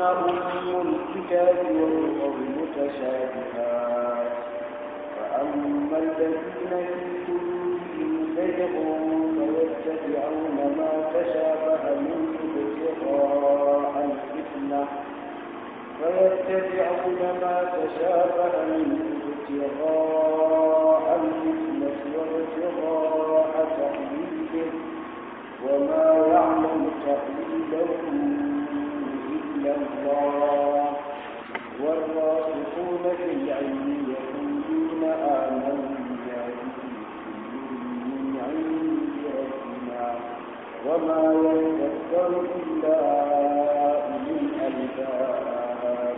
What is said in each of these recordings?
أم الكتاب والأرض متشابهات فأما الذين في قلوبهم زيغ فيتبعون ما تشابه منه ابتغاء الفتنة فيتبعون ما تشابه منه ابتغاء الفتنة وابتغاء تحويله وما يعلم تحويله إلا الله والراسخون في العلم يقولون آمنا به من عند وما يتذكر إلا أولي ألباب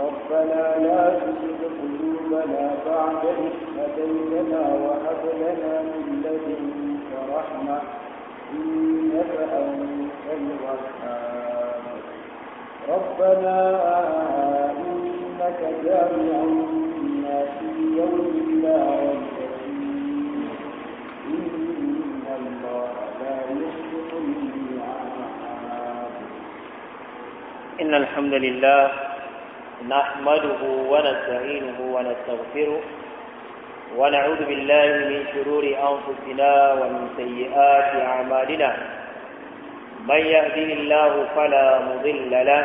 ربنا لا تزغ قلوبنا بعد إذ وهب لنا من لدنك رحمة إنك أنت الوهاب ربنا إنك جامع الناس يوم لا ريب إن الله لا يخلق الميعاد إن الحمد لله نحمده ونستعينه ونستغفره ونعوذ بالله من شرور أنفسنا ومن سيئات أعمالنا من يهده الله فلا مضل له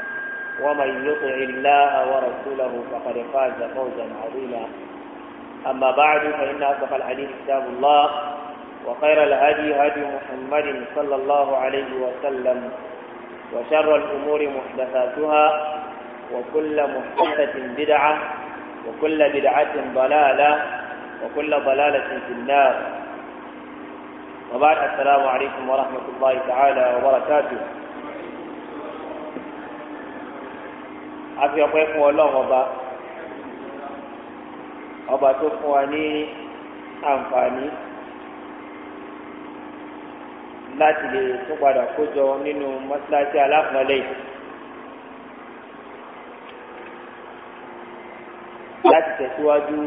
ومن يطع الله ورسوله فقد فاز فوزا عظيما أما بعد فإن أصدق الحديث كتاب الله وخير الهدي هدي محمد صلى الله عليه وسلم وشر الأمور محدثاتها وكل محدثة بدعة وكل بدعة ضلالة وكل ضلالة في النار وبعد السلام عليكم ورحمة الله تعالى وبركاته àfi ọpẹ́ fún Ọlọ́run ọba ọba tó fún wa ní àǹfààní láti lè tún padà kójọ nínú mọ́sálásí aláfọlẹ́ láti tẹ̀síwájú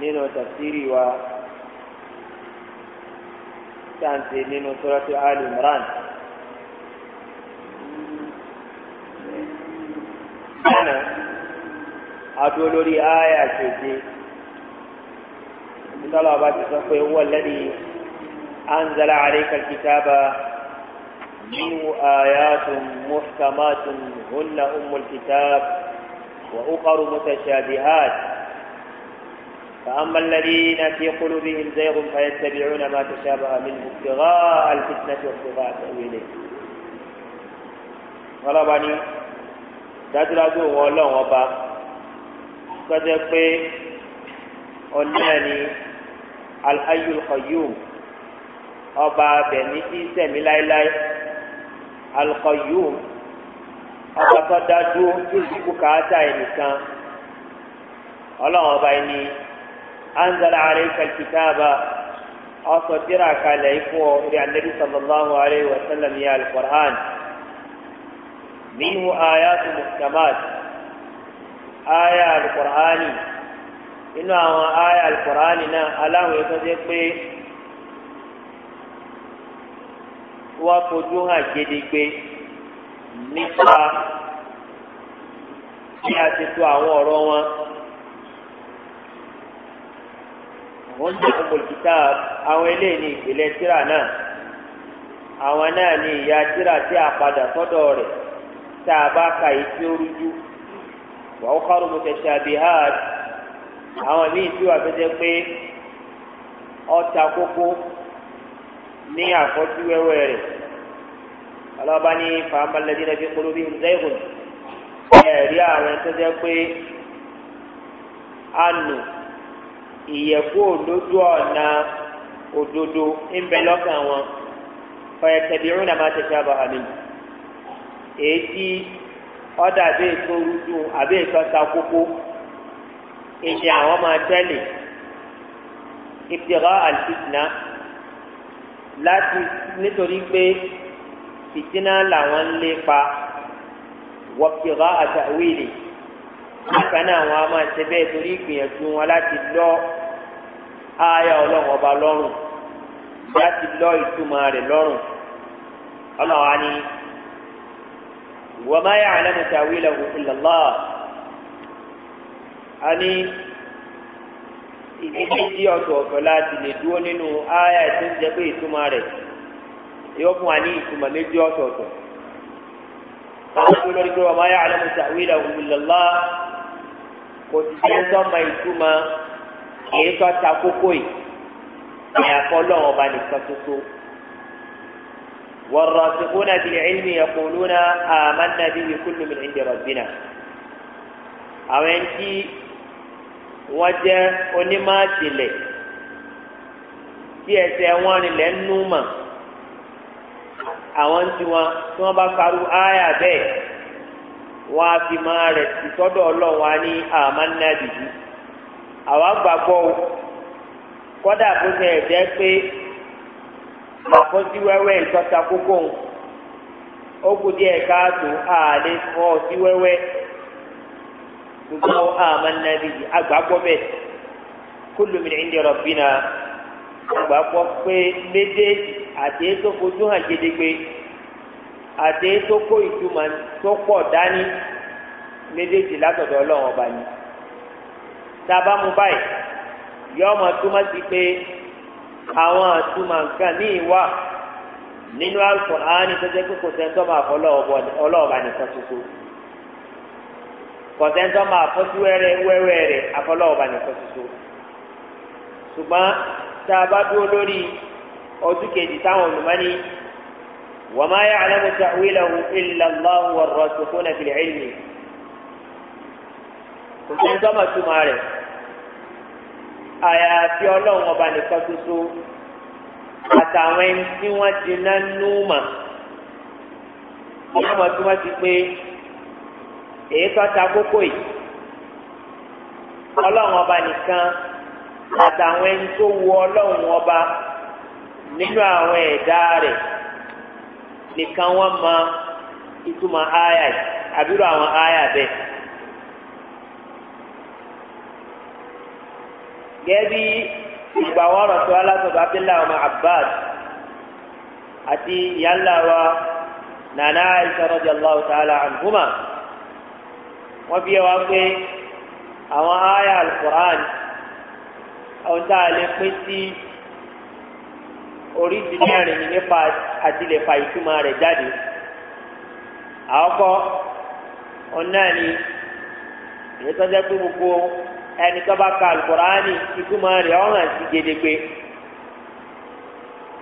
nínú tafsiri wa sáǹtì nínú sọ́rọ́tì Al Imran. adó lórí àyà keje nítorí ọba ti sọ pé wọ́n lẹ́ni anzala àríkà kìtàbà nínú àyà tún mọ́sàmá tún hùnà umul kìtàb wà alladhina fi qulubihim zayghun في قلوبهم زيغ فيتبعون ما تشابه منه ابتغاء الفتنة وابتغاء تأويله ولبني dájúdájú òun ọlọ́run ba tọ́jẹ́ pé ọ̀nà ni alhayul qayyum ọba abẹ ní tí sẹ̀mí láéláé alqayyum ọba tó dá dúró tó sì bùkátà ẹnìkan ọlọ́run ọba ẹni anzala alayka alkitaba ọsọ tíra kalẹ̀ ikú ọ rí anabi sallallahu alayhi wa sallam yẹ alqur'an minhu ayatu muhkamat. aya alukur'ani inú àwọn aya alukur'ani náà aláwọn ètò jẹ pé wọn fojú hàn gédégbé nípa bí a ti tó àwọn ọ̀rọ̀ wọn. àwọn ń dẹ̀kun bòlùkítà àwọn eléyìí ní ìpìlẹ̀ tíra náà àwọn náà ní ìyá tíra tí a padà sọ́dọ̀ rẹ̀ tá a bá ka èyí tí wàá kárò mo tẹ̀sí àbíhàd àwọn míì tí wàá fẹ́jẹ́ pé ọta kókó ní àfọ́jú wẹ́wẹ́ rẹ̀ ọlọ́ba ní fàámàlẹ́dí rẹ̀ fi kúrú bí ǹzẹ́gùn ẹ̀rí àwọn tó jẹ́ pé àánú ìyẹ̀kú lójú ọ̀nà òdodo ń bẹ lọ́kàn wọn ọ̀yẹ̀tẹ̀bí rúnà máa tẹ̀sí àbọ̀ èyí tí ọ̀dà àbí ètò rúdú àbí ètò ọ̀tà kókó ìní àwọn máa tẹ́lẹ̀ ìpìrọ̀ àlùfíìsìnà láti nítorí pé ìdínà làwọn ń lépa wọ́pìrọ̀ àtàwìlì nígbàna àwọn a máa ṣe bẹ́ẹ̀ torí ìgbìyànjú wọn láti lọ ayé ọlọ́run ọba lọ́rùn láti lọ ìtumọ̀ rẹ̀ lọ́rùn ọlọ́run á ní. وما يعلم yà àlẹ́ الله. wílẹ̀ ìlọ́lá a ní ìdílé tí ọ̀tọ̀ọ̀tọ̀ láti lè dúró nínú ááyà tó ń jẹ́ pé ìtumọ̀ rẹ̀ yóò fún wa ní ìtumọ̀ méjì ọ̀tọ̀ọ̀tọ̀ àwọn tó lórí pé wọ́n máa yà àlẹ́ mọ̀tà wílẹ̀ ìlọ́lá kò sì ṣe ń sọ́mọ ìtumọ̀ èyí tó kókó yìí àyàfọ́ lọ́wọ́ ọba nìkan tó tó. والراسخون في العلم يقولون آمنا به كل من عند ربنا àwọn ẹni tí wọ́n jẹ́ onímọ̀tìlẹ̀ tí ẹsẹ̀ wọn nílẹ̀ ń nú mọ̀ àwọn tí wọn tí wọ́n bá karu áyà bẹ́ẹ̀ wọ́n á fi máa rẹ̀ sí sọ́dọ̀ ọlọ́run ní àmánà dìbò àwa gbàgbọ́ kọ́dà bó ṣe ẹ̀ pé àkọsí wẹ́wẹ́ ìtọ́ta kókó ń ó kú díẹ̀ káàtó ààlé fọ́ sí wẹ́wẹ́ ṣùgbọ́n àmà nàbí àgbàgbọ́ bẹ́ẹ̀ kúlùmínì ìndìrọ̀ bínà àgbàgbọ́ pé méjèèjì àti ètò fojú hàn gédégbé àti ètò kó ìtumọ̀ tó pọ̀ dání méjèèjì látọ̀dọ̀ ọlọ́run ọba ni tá a bá mú báyìí yọ ọmọ túmọ̀ sí pé àwọn àtúmọ̀ nǹkan ní ìwà nínú alukọ̀ránì tó jẹ́ pé kò sẹ́ńtọ́ máa fọ ọlọ́ọ̀bà nìkan ṣoṣo kò sẹ́ńtọ́ máa fọ́ sí wẹ́rẹ́ wẹ́wẹ́ rẹ̀ afọlọ́ọ̀bà nìkan ṣoṣo ṣùgbọ́n tá a bá dúró lórí ọdún kejì táwọn olùmọ́ni wọ́n máa yà àlẹ́ mọ́tà wílẹ̀hùn ìlàláhùn wọ̀rọ̀ ṣòfò náà fi lè ẹ̀yìn kò sẹ́ńtọ́ máa túmọ̀ rẹ̀ àyàfi ọlọ́run ọba nìkan ṣoṣo àtàwọn ẹni tí wọ́n ti ná núùmà ọlọ́mọ tí wọ́n ti pé èyí tó ta kókó yìí ọlọ́run ọba nìkan àtàwọn ẹni tó wu ọlọ́run ọba nínú àwọn ẹ̀dá rẹ̀ nìkan wọ́n mọ ìtumọ̀ àyà àbúrò àwọn àyà bẹ́ẹ̀. gẹ́bí ìgbà wọn rọ̀ tó alásọ̀tò abdullahi ọmọ abbas àti ìyáńlá wa nana aisha rọ̀jì allahu ta'ala anhuma wọ́n fi wá pé àwọn aya alukur'an àwọn tá a lè pín sí oríṣi mẹ́rin nípa àti lè fa ìtumọ̀ rẹ̀ jáde àkọ́kọ́ ọ̀nà ni èyí pé gbogbo ẹni tó bá ka alukurani ikú máa rẹ̀ ọ́n hàn sí gedegbe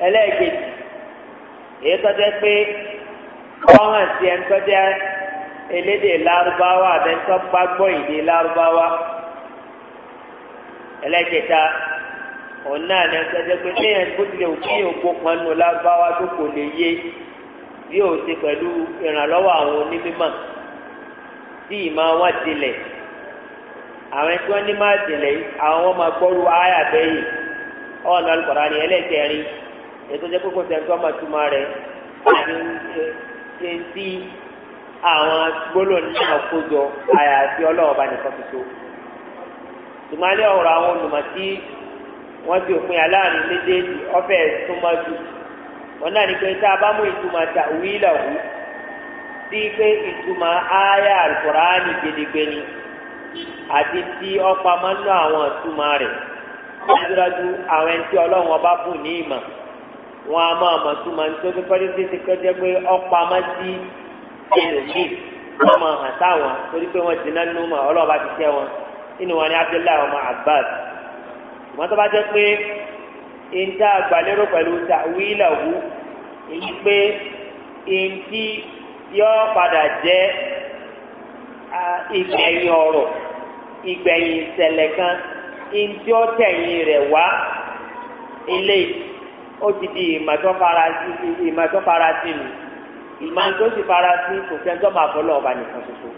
ẹlẹ́ẹ̀kejì èyí tó jẹ́ pé ọ́n hàn sí ẹni tó jẹ́ elédè lárúbáwá àbẹ̀ntọ́ gbàgbọ́ ìdè lárúbáwá ẹlẹ́kẹta òun náà ní ẹsẹ̀ jẹ́ pé léèyàn bó tilẹ̀ ò kí ògbó kan nù lárúbáwá tó kò lè yé bí ó pẹ̀lú ìrànlọ́wọ́ àwọn onímọ̀ tí ìmọ̀ wọn tilẹ̀ àwọn tí wọ́n ní máa tẹ̀lé àwọn ọmọ gbọ́rú ayà bẹ́yì ọ̀nà alùpàdà ni ẹlẹ́kẹ̀rin ètò ìjẹ́ kókó sẹ́ńtọ́ máa túmọ̀ rẹ̀ ṣe ń tí àwọn gbólóhùn náà kó jọ àti ọlọ́wọ́ bá nìkan tuntun. tùmọ̀lẹ́ ọ̀rọ̀ àwọn wọ́n ti aláàrin méjèèjì ọ̀fẹ́ súnmọ́ wọn náà ní pé tá a bá mú ìtumọ̀ ta wíìlà àti tí ọ̀pá máa ń lọ àwọn ìtumọ̀ rẹ̀ dájúdájú àwọn ẹni tí ọlọ́run ọba bùn ní ìmọ̀ wọn a máa mọ̀ túmọ̀ nítorí kọ́jú tí ti kọjá pé ọ̀pá máa ti ẹlòmíì wọn máa hàn sáwọn torí pé wọn dìnnà nínú mọ̀ ọlọ́run bá ti tẹ́ wọn nínú wọn ni abdullahi ọmọ abbas wọn tó bá jẹ́ pé ìta àgbàlérò pẹ̀lú tàwílàwú èyí pé ìntí yọ padà jẹ́ ìgbẹ̀yìn ọ̀rọ̀ ìgbẹ̀yìn ìṣẹ̀lẹ̀ kan ìjọ tẹ̀yìn rẹ̀ wá ilé ó ti di ìmọ̀tọ́ farasí nù ìmọ̀tọ́ sì farasí kò fẹ́ tó máa fọlọ́ ọba nìkan ṣoṣo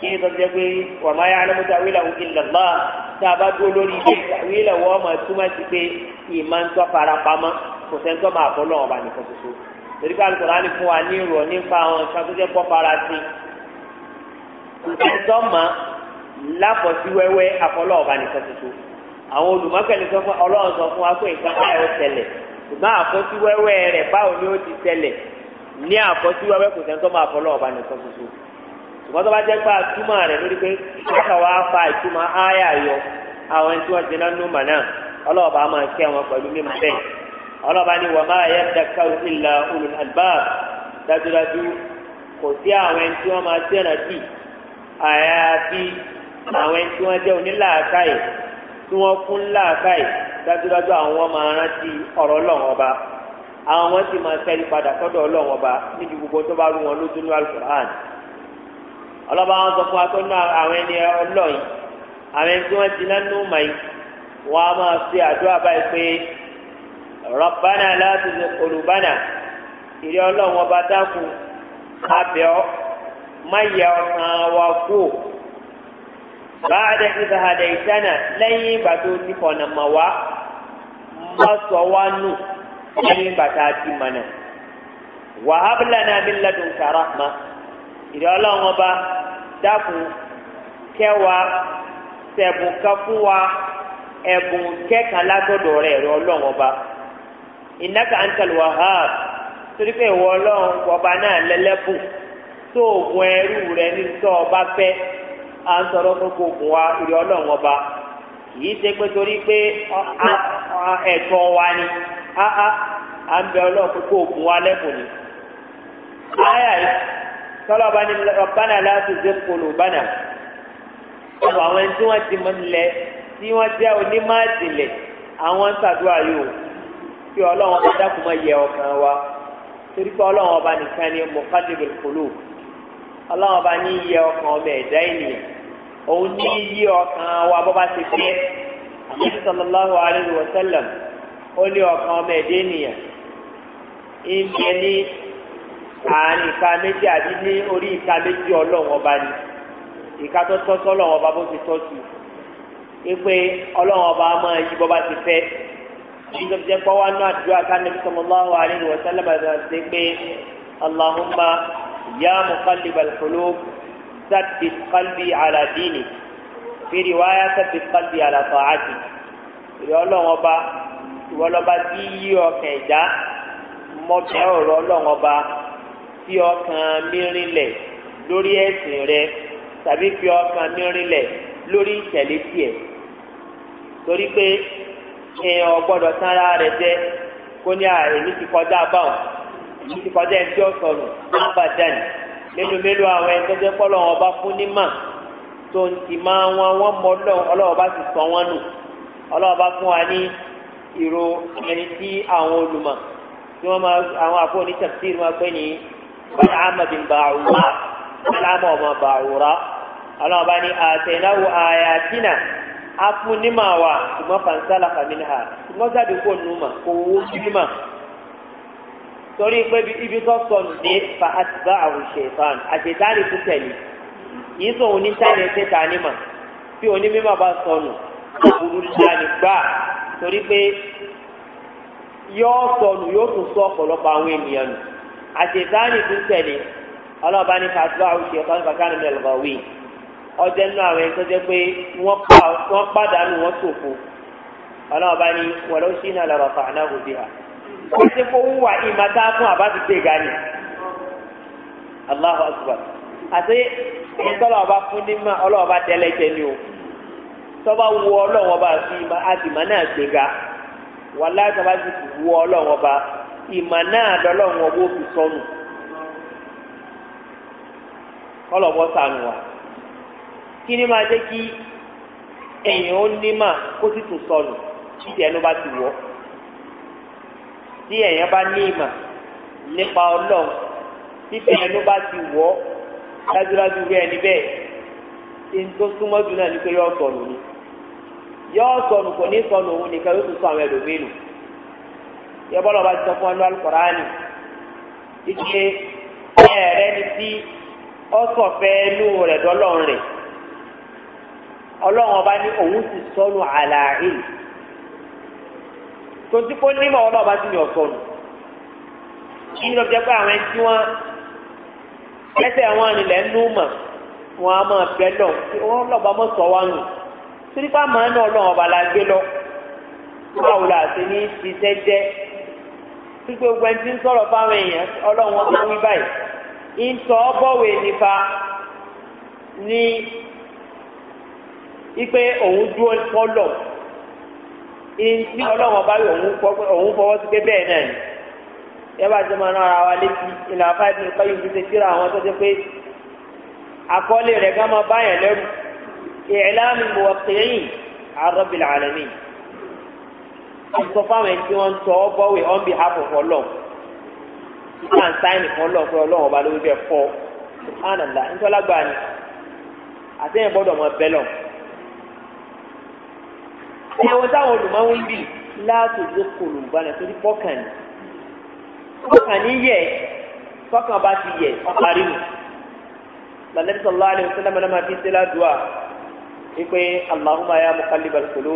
kí ni sọ́jọ́ pé wọ́n máa yá alámúta wíláwù ìlànà tá a bá dúró lórí ilé wíláwù ọmọ túmọ̀ sí pé ìmọ̀tọ́ farapamọ́ kò fẹ́ tó máa fọlọ́ ọba nìkan ṣoṣo torí pé alukóra ni fún wa ní ìrọ̀ nípa àwọn ìṣàkóso pọ́ farasí kò fẹ́ tó máa lápọ̀sí wẹ́wẹ́ afọlọ́ ọba nìkan tuntun àwọn olùmọ̀kẹ́lẹ́ sọ fún ọlọ́run sọ fún wa pé nǹkan báyọ̀ tẹ̀lẹ̀ ṣùgbọ́n àfọ́sí wẹ́wẹ́ rẹ̀ báwo ni ó ti tẹ̀lẹ̀ ní àfọ́sí wẹ́wẹ́ kò sẹ́ńtọ́ máa fọlọ́ ọba nìkan tuntun ṣùgbọ́n tó bá jẹ́ pé àtúmọ̀ rẹ̀ lórí pé kíkà wá fa ìtumọ̀ áyà yọ àwọn tí wọ́n ti ná nù mọ̀ náà ọlọ́ọ̀bá máa kẹ́ wọn pẹ̀lú mímọ̀ bẹ́ẹ̀ ọlọ́ọ̀bá ni wọ́n máa yẹ dakaw ìlà olùhàlbà dájúdájú kò sí àwọn ẹni tí wọ́n máa sẹ́nà bì àyàfi àwọn ẹni tí wọ́n jẹ́ onílàákàyè tí wọ́n kún láàkàyè dájúdájú àwọn máa rántí ọ̀rọ̀ ọlọ́run ọba àwọn sì máa sẹ́rí padà sọ́dọ̀ ọlọ́run ọba níbi gbogbo tó bá rú wọn lójú ní alukur'an ọlọ́ba wọn sọ fún wa tó ná àwọn ẹni ọlọ́yìn àwọn ẹni tí wọ́n ti nánú màyí wọ́n á máa ṣe àdúrà báyìí pé rọ̀bánà láti olùbánà ìrẹ́ ọlọ́run ọba dákun abẹ́ ọ ọ̀sán wa kú báàdé ìfahàdé ìtánà lẹ́yìn ìgbà tó ti fọ̀nà mọ̀ a ti mọ̀nà. ma ìdá ọlọ́run ọba dákun kẹwàá sẹ̀bùn kan fún wa ẹ̀bùn kẹ́kan látọ̀dọ̀ rẹ̀ rẹ̀ ọlọ́run ọba. ìnáka ń tẹ̀lé à ń sọ̀rọ̀ gbogbo ògùn wa ìrì ọlọ́run ọba kì í ṣe pé torí pé ẹ̀tọ́ wa ni à ń bẹ ọlọ́run gbogbo ògùn wa lẹ́kùn ni. ayà yìí sọlọ bá ní rọ̀bánà láti ṣe kolo bánà ọ̀pọ̀ àwọn ẹni tí wọ́n ti mọ nílẹ̀ tí wọ́n jẹ́ onímọ̀-àtìlẹ̀ àwọn ń ṣàdúrà yóò kí ọlọ́run ọba dákun mọ́ yẹ ọkàn wa torí pé ọlọ́run ọba nìkan ni mọ̀kádìrì kolo ọlọ́run ọba ní yẹ ọkàn ọmọ ẹ̀dá ènìyàn òun ní yí ọkàn wa bọ́ bá ti fẹ́ àti sallallahu alayhi wa sallam ó ní ọkàn ọmọ ẹ̀dẹ́ ènìyàn ìbí ẹni àárín ìka méjì àbí ní orí ìka méjì ọlọ́run ọba ni ìka tó tọ́ sọ́lọ́run ọba bó ti tọ́ sí i pé ọlọ́run ọba máa yí bọ́ bá ti fẹ́ ní tó jẹ́ pọ́ wá ní àdúrà kánẹ́bí sallallahu alayhi wa sallam àti pé allahumma yá mọ̀kálí balùkúlù. ثبت قلبي على ديني في رواية ثبت قلبي على طاعتي ìrọ̀lọ́wọ́n ọba ìwọ́lọ́ba tí yí ọkàn ẹ̀já mọ́tẹ́ ọ̀rọ̀ ọlọ́wọ́n ọba fi ọkàn لوري lórí ẹ̀sìn rẹ tàbí fi ọkàn mìírìnlẹ̀ lórí ìtẹ̀lé tiẹ̀ torí pé èèyàn ọgbọ́dọ̀ sára rẹ̀ jẹ́ kó ní ààrẹ ní ti kọjá báwọn ní ti kọjá ẹni tí ó sọnù ábàdàn mélòó mélòó àwọn ẹni tó jẹ́ pọ́ lọ́wọ́ ọba fún ní mà tó ń ti máa wọn wọ́n mọ ọlọ́wọ́ bá ti sọ wọn nù ọlọ́wọ́ bá fún wa ní ìró ẹni tí àwọn olùmọ̀ tí wọ́n máa àwọn àpò onítẹ̀sí wọn pé ní bàtà amadi bàrúwà alámọ̀ ọmọ bàrúwà ọlọ́wọ́ bá ní àtẹnáwó àyàtínà afunima wa ṣùgbọ́n fansálà fàmìlì ha ṣùgbọ́n jáde kó nù mà kó wó kílímà torí pé ibi tó sọnù dé fa àtìbá àwọn ṣèfàn àṣetánì tó tẹ̀lé yìí sọ òní táyà ṣètà nímà tí òní mímọ̀ bá sọnù òkúrú dání gbà torí pé yóò sọnù yóò tún sọ ọ̀pọ̀lọpọ̀ àwọn ènìyàn nù àṣetánì tó tẹ̀lé ọlọ́ọ̀bá ní fa àtìbá àwọn ṣèfàn bàkánì mẹ́lọ̀bà wí ọjọ́ nínú àwọn ẹni tó jẹ́ pé wọ́n pàdánù wọ́n ṣòfò ọlọ́ọ̀bá ní wọ́n lọ́ọ́ ko sai ko wa imata fún àbá ti gbé ga ni Allahu akbar àti ìtọ́lọ̀ ọba fún ní ma ọlọ́wọ́ bá tẹ́lẹ̀ jẹ ni o tọ́ba wu ọlọ́wọ́ bá fi ìmọ̀ àtìmọ̀ náà gbé ga wà láti ọba ti wu ọlọ́wọ́ bá ìmọ̀ náà lọ́lọ́wọ́ bó fi sọnù ọlọ́wọ́ sànù wa kí ni máa jẹ́ kí èèyàn ó ní mà kó sì tún sọnù kí ìdẹ́nu bá ti wọ̀ tí èèyàn bá ní ìmọ̀ nípa ọlọ́run fífẹ́ ẹnu bá ti wọ́ dájúdájú rí ẹni tí n tó súnmọ́ jù náà ní pé yọ sọnù ni yọ sọnù kò ní sọnù òun nìkan yóò tún sọ àwọn ẹlòmíì nù yọ bọ́lá ti sọ fún ẹnu alukọ̀ránì ike ẹ̀rẹ́ ni tí ọ̀sọ̀fẹ́ ẹnu rẹ̀ dọ́lọ́run rẹ̀ ọlọ́run ọba ní òun sọnù tonti kó nímọ̀ ọlọ́ọ̀bá ti ní ọ̀sọ́ nù kí ló jẹ́ pé àwọn ẹni tí wọ́n ẹsẹ̀ wọn nílẹ̀ nù mà wọn a máa bẹ́ lọ wọn lọ́ba mọ́ sọ wọn nù sírípà máa ń lọ ọba la gbé lọ báwo la ṣe ní ṣiṣẹ́ jẹ́ gbígbé ogun ẹni tí ń sọ̀rọ̀ fáwọn èèyàn ọlọ́run wọn máa wí báyìí ń sọ ọ́ bọ̀wé ní ipe òun dúró pọ́lọ̀ ní ọlọ́wọ́n bá yọ òun fọwọ́ sí pé bẹ́ẹ̀ náà ni ẹ bá ti máa ná ara wa létí ìlà fáìlì nǹkan yìí fi ṣe síra àwọn tó ṣe pé àkọọ́lẹ̀ rẹ̀ ká máa báyàn lẹ́rù ìlànà ìmọ̀wọ̀kìyìn àrọ́bìlà àlẹ́mì ìsọfáwọn ẹni tí wọ́n ń tọ́ ọ bọ́wé on behalf of ọlọ́ọ̀ ìgbà ń sáìnì fún ọlọ́ọ̀ pé lórí bẹ́ẹ̀ fọ́ ṣùgbọ́n ànàlá ń tọ́lágbá ni àtẹ̀yìn gbọ́dọ̀ mọ bẹ́lọ̀mù ẹ̀wọ̀n táwọn olùmọ̀wé ń bì láti ló kòlù gbàna torí pọ́kàn ní pọ́kàn ní yẹ pọ́kàn bá ti yẹ ọ̀parí mu lànàbí sọ̀rọ̀ láàrin sọ́lá mọ́nà máa fi ṣe ládùúà wípé aláhùnmá yá mú kálí balùkòló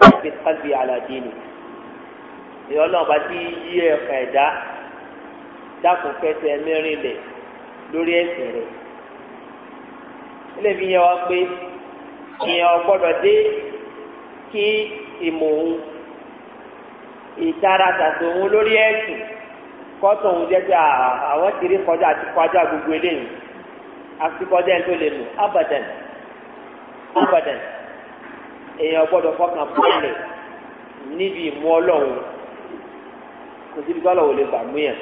láti kálí àlàdé ni ìyọ́ náà bá ti yí ẹ̀ka ẹ̀dá dákun fẹsẹ̀ mẹ́rin lẹ̀ lórí ẹsẹ̀ rẹ̀ ilé fi yẹ wá pé ìyẹn ọgbọ́dọ̀ dé. kí ìmọ̀ òun ìtara òun lórí ẹ̀sùn kọ́tò òun jẹ́ àwọn ti rí kọjá àti kọjá gbogbo àti kọjá ẹni tó lè lò abadan abadan èèyàn gbọ́dọ̀ fọkàn pọ́nlẹ̀ níbi ìmú ọlọ́run kò kọ́lọ̀ wò lè yẹn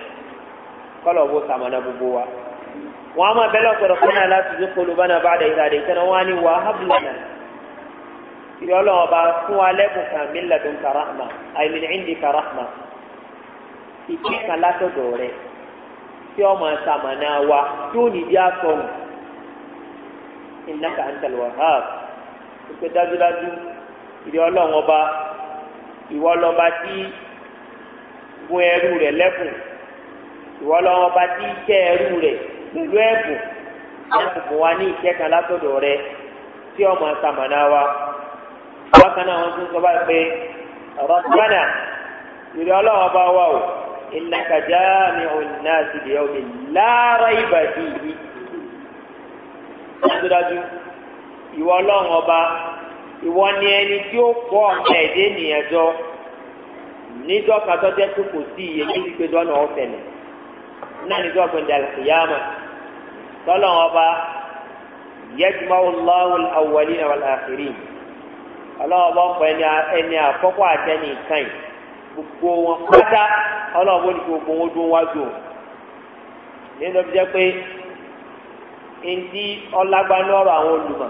kọ́lọ̀ wa wọ́n á máa bẹ́lẹ̀ ọ̀pọ̀lọpọ̀ náà láti dúkọ́ lóbánà bá ìrẹ́ ọlọ́run ọba fún wa lẹ́bùn kan mí lẹ́dùn karahma àìmìn ìndí karahma ìpín kan látọ̀dọ̀ rẹ̀ tí ọmọ sàmànà wa tí ó nìdí àtọ̀nù ìnáka àǹtẹ̀lẹ̀ wàhálà ìpè dájúdájú ìrẹ́ ọlọ́run ọba ìwọ lọ́ba tí gun ẹrú rẹ̀ lẹ́bùn ìwọ lọ́wọ́ bá ti jẹ́ ẹrú rẹ̀ pẹ̀lú ẹ̀bùn ẹ̀bùn wa ní ìkẹ́kan látọ̀dọ̀ rẹ̀ tí ọmọ sàmànà wa bákan náà wọn tún sọ báyìí pé rọ́tánà ìrẹ́ ọlọ́wọ́ bá wà o ìnàkàjá mi ò ná sí ibi ẹ̀ omi lára ìbàdí yìí. dájúdájú ìwọ ọlọ́run ọba ìwọ ni ẹni tí ó kọ́ ọ̀nà ẹ̀dẹ́ ènìyàn jọ nídọ́ka jẹ́ pé kò sí iye méjì pé dọ́nà ọ̀fẹ́lẹ̀ náà nídọ́ gbẹ̀ndẹ̀ àlùkìyàmà tọ́lọ́run ọba yẹ́tùmáwò lọ́wọ́ àwọ̀lẹ́ àwọn àfẹ́rẹ́ yìí ọlọ́wọ́ bọ́ pọ̀ ẹni àkọ́kọ́ àtẹni ìkànnì gbogbo wọn pátá ọlọ́wọ́ bó ní gbogbo wọn dún wájú o nínú bí jẹ́ pé ntí ọlágbánu ọ̀rọ̀ àwọn olùmọ̀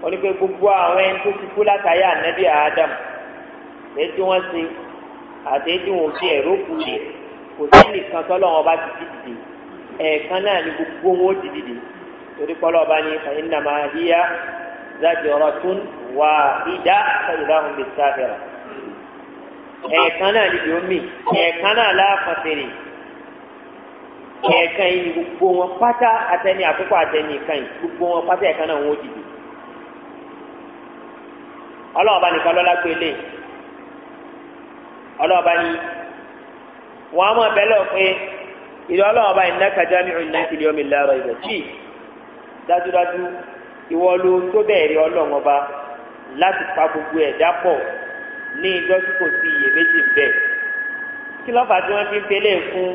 wọ́n ní pé gbogbo àwọn ẹni tó ti kú látàrí ànábì àádàm èyí tí wọ́n sin àti èyí tí wọ́n fi ẹ̀rọ kù yẹ kò sí nìkan tọ́lọ́wọ́n bá ti dìde ẹ̀ẹ̀kan náà ni gbogbo wọn ó ti dìde torí pọ́lọ́ ọba ní ìnàmáhíyá zajaratun wahida fayidahun bisahira ẹ̀ẹ̀kan náà níbi omi ẹ̀ẹ̀kan náà láàfàtẹ̀rẹ̀ ẹ̀ẹ̀kan yìí gbogbo wọn pátá atẹni àkókò atẹni ìkan yìí gbogbo wọn pátá ẹ̀ẹ̀kan náà wọn ò dìde ọlọ́ọ̀bá nìkan lọ́la pé lè ọlọ́ọ̀bá ni wọn a máa bẹ́ lọ pé ìlú ọlọ́ọ̀bá ìnáka jámíù ìnáka ìlú omi lárọ̀ ìbẹ̀ tí dájúdájú ìwọ ló tó bẹ̀rẹ̀ ọlọ́run ọba láti pa gbogbo ẹ̀dá pọ̀ ní ìjọ tí kò sí iyèméjì ń bẹ̀. kí ló fà tí wọ́n fi ń pelé fún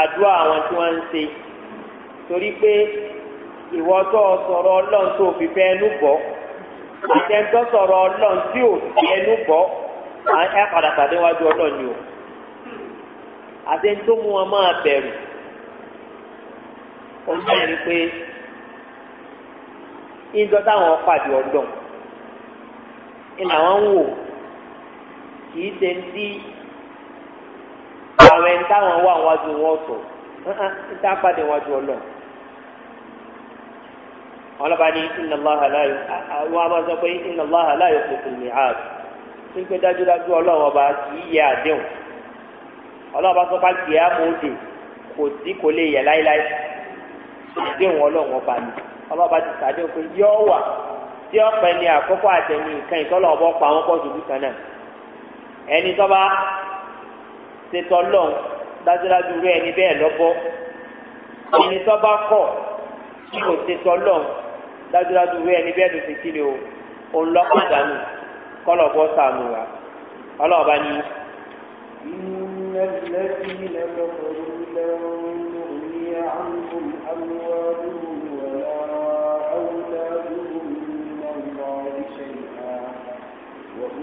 àdúrà àwọn tí wọ́n ń ṣe torí pé ìwọ tó sọ̀rọ̀ ọlọ́run tó fi fẹ́ ẹnu bọ̀ àtẹ̀ńtọ́ sọ̀rọ̀ ọlọ́run tí ò fi ẹnu bọ̀ ẹ padà pàdé wájú ọlọ́run ni o àtẹ̀ńtọ́ mú wọn máa bẹ̀rù ó ń bẹ̀rù pé ìjọ táwọn pàdé ọdún ni làwọn ń wò kìí ṣe ń dí àwọn ẹni táwọn wà wájú wọn tó ń tá pàdé wájú ọlọ ọlọ́ba ní iná láhàláyò àwọn àmọ́ sọ pé iná láhàláyò kò tún ní ààbò nígbà dájúdájú ọlọ́run ọba kìí yẹ àdéhùn ọlọ́run ọba sọ pé kìí àmọ́ òde kò sí kò lè yẹ láéláé àdéhùn ọlọ́run ọba ni ọlọ́ba ti sàdé pé yọ wà tí ọ̀pẹ ni àkọ́kọ́ àtẹ̀mí nǹkan ìtọ́lọ̀ ọ̀bọ pa àwọn pọ̀ dùdú kan náà ẹni tọ́ba ṣètò ọlọ́run dájúdájú rẹ ẹni bẹ́ẹ̀ lọ́bọ́ ẹni tọ́ba kọ̀ tí kò ṣètò ọlọ́run dájúdájú rẹ ẹni bẹ́ẹ̀ ló ti kí ni o òun lọ́pàá dànù kọ́lọ̀ bọ́ sànù wa ọlọ́ọ̀ba ni. الذين كفروا لن تغني عنهم أموالهم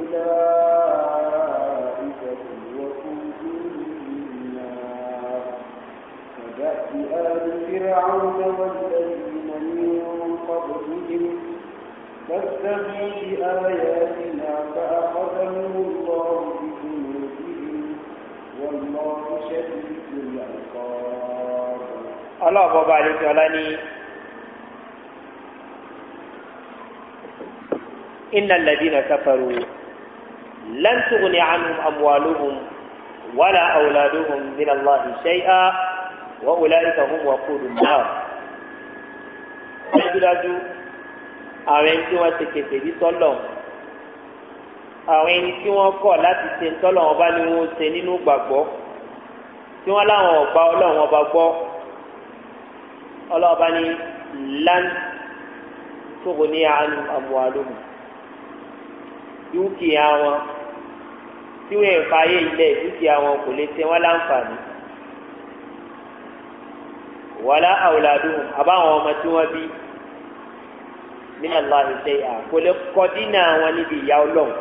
الملائكة وكتبهم النار كدأب آل فرعون والذين من قبلهم كذبوا بآياتنا فأخذهم الله بذنوبهم والله شديد العقاب الله بابا عليك إن الذين كفروا لن تغني عنهم أموالهم ولا أولادهم من الله شيئا وأولئك هم وقود النار dájúdájú àwọn ẹni tí wọ́n ti kèsè bí tọ́lọ̀ àwọn ẹni tí wọ́n kọ̀ láti ṣe tọ́lọ̀ wọn bá ní ṣe nínú gbàgbọ́ tí wọ́n láwọn ọ̀gbà ọlọ́run ọba gbọ́ ọlọ́ọ̀bá ní lan tó kò ní àánú àmúhàlóhùn dúkìá wọn tí wọn ń fààyè ilẹ̀ dúkìá wọn kò lè tẹ wọn láǹfààní wàlá àwòládùn àbáwọn ọmọ tí wọn bí ní aláàbí ṣe à kò lè kọ dínà wọn níbi ìyá ọlọ́run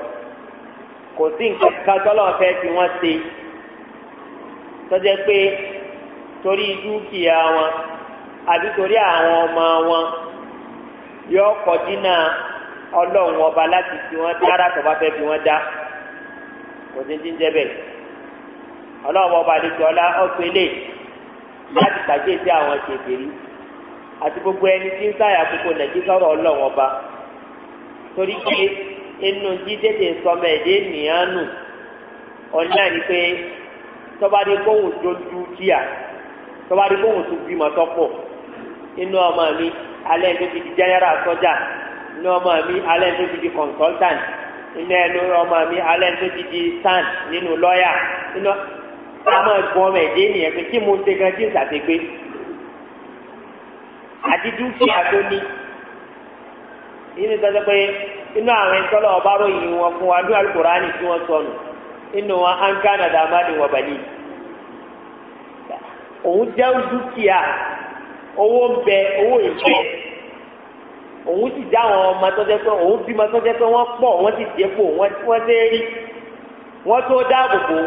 kò sí nǹkan kan tọ́lọ́run fẹ́ ṣe tọ́jẹ́ pé torí dúkìá wọn àbí torí àwọn ọmọ wọn yọ kọ dínà ọlọ́run ọba láti fi wọ́n dá ara tó bá fẹ́ fi wọ́n kò sí ti ń jẹ́ bẹ́ẹ̀ ọlọ́run ọba àlejò ọlá ọ̀pẹ̀lẹ̀ láti pàkíyèsí àwọn ṣèbèrè àti gbogbo ẹni tí ń sáyà gbogbo nàìjíríà sọ̀rọ̀ ọlọ́run ọba torí pé inú jíjẹ́tì sọmọ ẹ̀dẹ́ nìyẹn nù ọ̀nà ni pé tọ́ba dé kóhùn dojú kíá tọ́ba dé kóhùn tó bímọ tọ́pọ̀ inú ọmọ mi alẹ́ tó ti di general sọ́jà inú ọmọ mi alẹ́ tó ti di consultant iná ẹ ọmọ mi alẹ́ tó ti di n'inu nínú lọ́ọ̀yà nínú ọmọ ẹ̀gbọ́n ọmọ ẹ̀dẹ́ nìyẹn pé kí mo ṣe gan kí n àti dúkìá tó ní inú pé inú àwọn ìtọ́lọ̀ ọba ròyìn wọn fún wa ní alukóraní tí wọ́n sọnù inú wọn á nàdà má wọ́n òun ti já àwọn ọmọ tó jẹ́ pé òun bímọ tó pé ti dépò wọ́n dé rí wọ́n tó dáàbò bò ó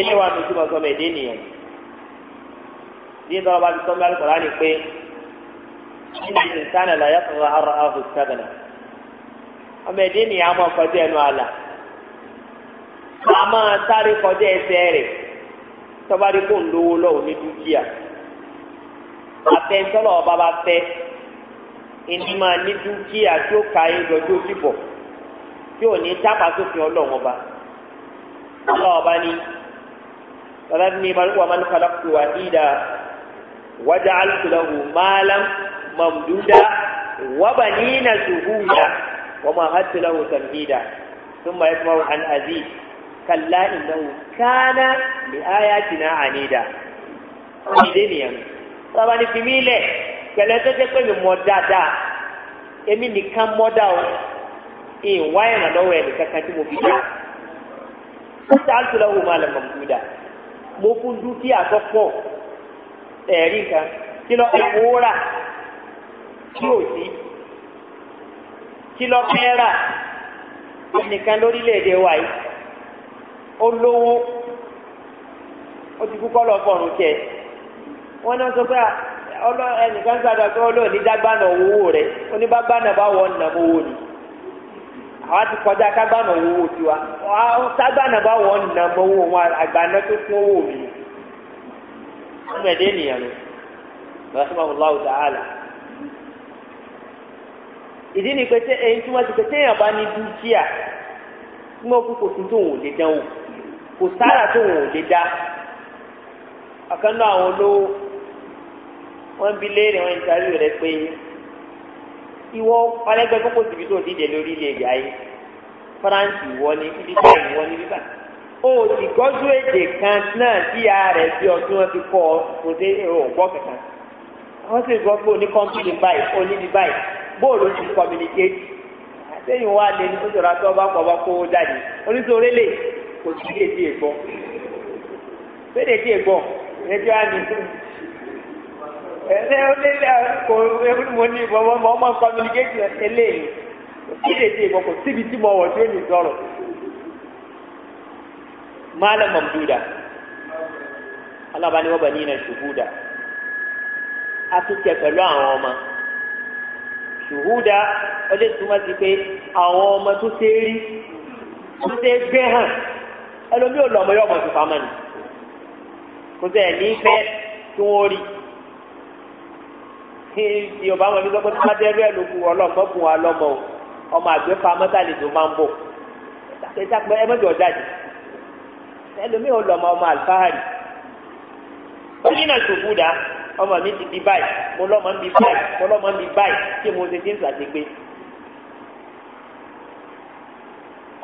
eléwà tó túmọ̀ sọmọ èdè nìyẹn bí ìtọ́wọ́ bá ti sọ bá lùkọ̀ọ́ láti pé nínú ìsánà làyà tó wà hàrọ̀ ààbò sábẹ̀nà ọmọ èdè nìyẹn a kọjá ẹnu àlà a sáré kọjá ẹsẹ̀ rẹ̀ tọ́ba kó ń lówó lọ́wọ́ àtẹ̀sọ́lọ̀ ọba bá fẹ́ ìnìmọ̀ ní dúkìá tí ó ka ẹ̀dọ̀ tí ó ti bọ̀ tí ò ní dábàá sófin ọlọ́run ọba ọlọ́run ọba ni ọlọ́run ní ìmọ̀lúwà máa ní kọ́lá kú wa dídá wájà alùpùlọ̀hù máàlá mọ̀mùdúdá wábà ní ìnà sùhúùyà wọ́n máa hàtìlọ́hù sàmìdá tó máa yẹ fún hàn aziz kàlá ìnáwó kánà ní áyá tìǹà ànídà ó ní dé nìyẹn. sábà ní fìmí lẹ̀ pẹ̀lẹ́ tó jẹ́ pé mi mọ̀ dáadáa èmi nìkan mọ́ dá o ìwá ìrànlọ́wọ́ ẹ̀ nìkan kan tí mo fi dá ó sá àtúlọ̀ wò máa lẹ̀ mọ̀ mú dá mo fún dúkìá tó pọ̀ ẹ̀rí nǹkan kí lọ ẹ̀kọ́ rà kí ò sí kí lọ fẹ́ rà nìkan lórílẹ̀‐èdè wa yìí ó lówó ti kú kọ́ lọ fọ̀rùn kẹ́ẹ̀ wọ́n náà sọ pé ọlọ ẹnìkan gbàdúrà pé ọlọ́ọ̀ ní dágbàna owó rẹ̀ oníbàgbàna bá wọ̀ ọ̀nà owó ni àwa ti kọjá kágbàna owó tiwa tágbàna bá wọ̀ ọ̀nà owó wọn àgbàna tó fún owó mi ọmọ ẹ̀dẹ́ ènìyàn lọ rahmanulahu ta'ala ìdí ni pé ẹyin tí wọ́n ti pé téèyàn bá ní dúkìá tí wọ́n kú kò sí tóun ò lè dánwò kò sára tóun ò lè dá ọ̀kan náà àwọn olówó wọ́n bí léèrè wọn ìtàrí rẹ̀ pé ìwọ ọlẹ́gbẹ́ kókó síbi tó dìde lórí ilé ìyá yìí France, wọ ni ibi tó wọ ni bíbà o sì gọ́jú èdè kan náà tí a rẹ̀ bí ọdún wọn ti kọ́ ọ kò dé ògbọ́ kankan wọ́n sì gbọ́ pé oní kọ́mpìlì báyìí oníbi báyìí bóòlù ti communicate àtẹ̀yìn wa lè ní sọ́jọ́ra tó bá pọ̀ bá kó jáde oníṣòro lè kò sí èdè ègbọ́n fẹ́ẹ́ dé ègbọ́n ẹjọ́ á ní ẹ̀rẹ́ onílẹ̀ kò mo ní ìbọn mọ́ ọmọ communication eléyìí kéde tí ìbọn kò síbi tí mo wọ̀ tí ó ní sọ̀rọ̀ malam mamduda alábàáni wọ́n bá ní iná ṣùhúdà a tún tẹ pẹ̀lú àwọn ọmọ Shuhuda ó lè túmọ̀ sí pé àwọn ọmọ tó ṣe rí tó ṣe gbé hàn ẹlòmíì ò lọ́mọ yọ̀ọ̀mọ̀ tó fa mọ́ ni kò sẹ́yìn ní fẹ́ tí wọ́n rí yorùbá wọn ní sọ pé tí wọn dẹrú ẹ lóku ọlọmọkùn wa lọmọ o ọmọ àgbẹ̀ fa mọtàlejò máa ń bọ ìtàkùn ẹ mọjọ jáde ẹlòmíì ò lọmọ ọmọ àlùfáàrì ó ní náà ṣòfò dá ọmọ mi ti di báyìí mo lọmọ ń bi báyìí mo lọmọ ń bi báyìí tí mo ṣe ti ń ṣàṣegbé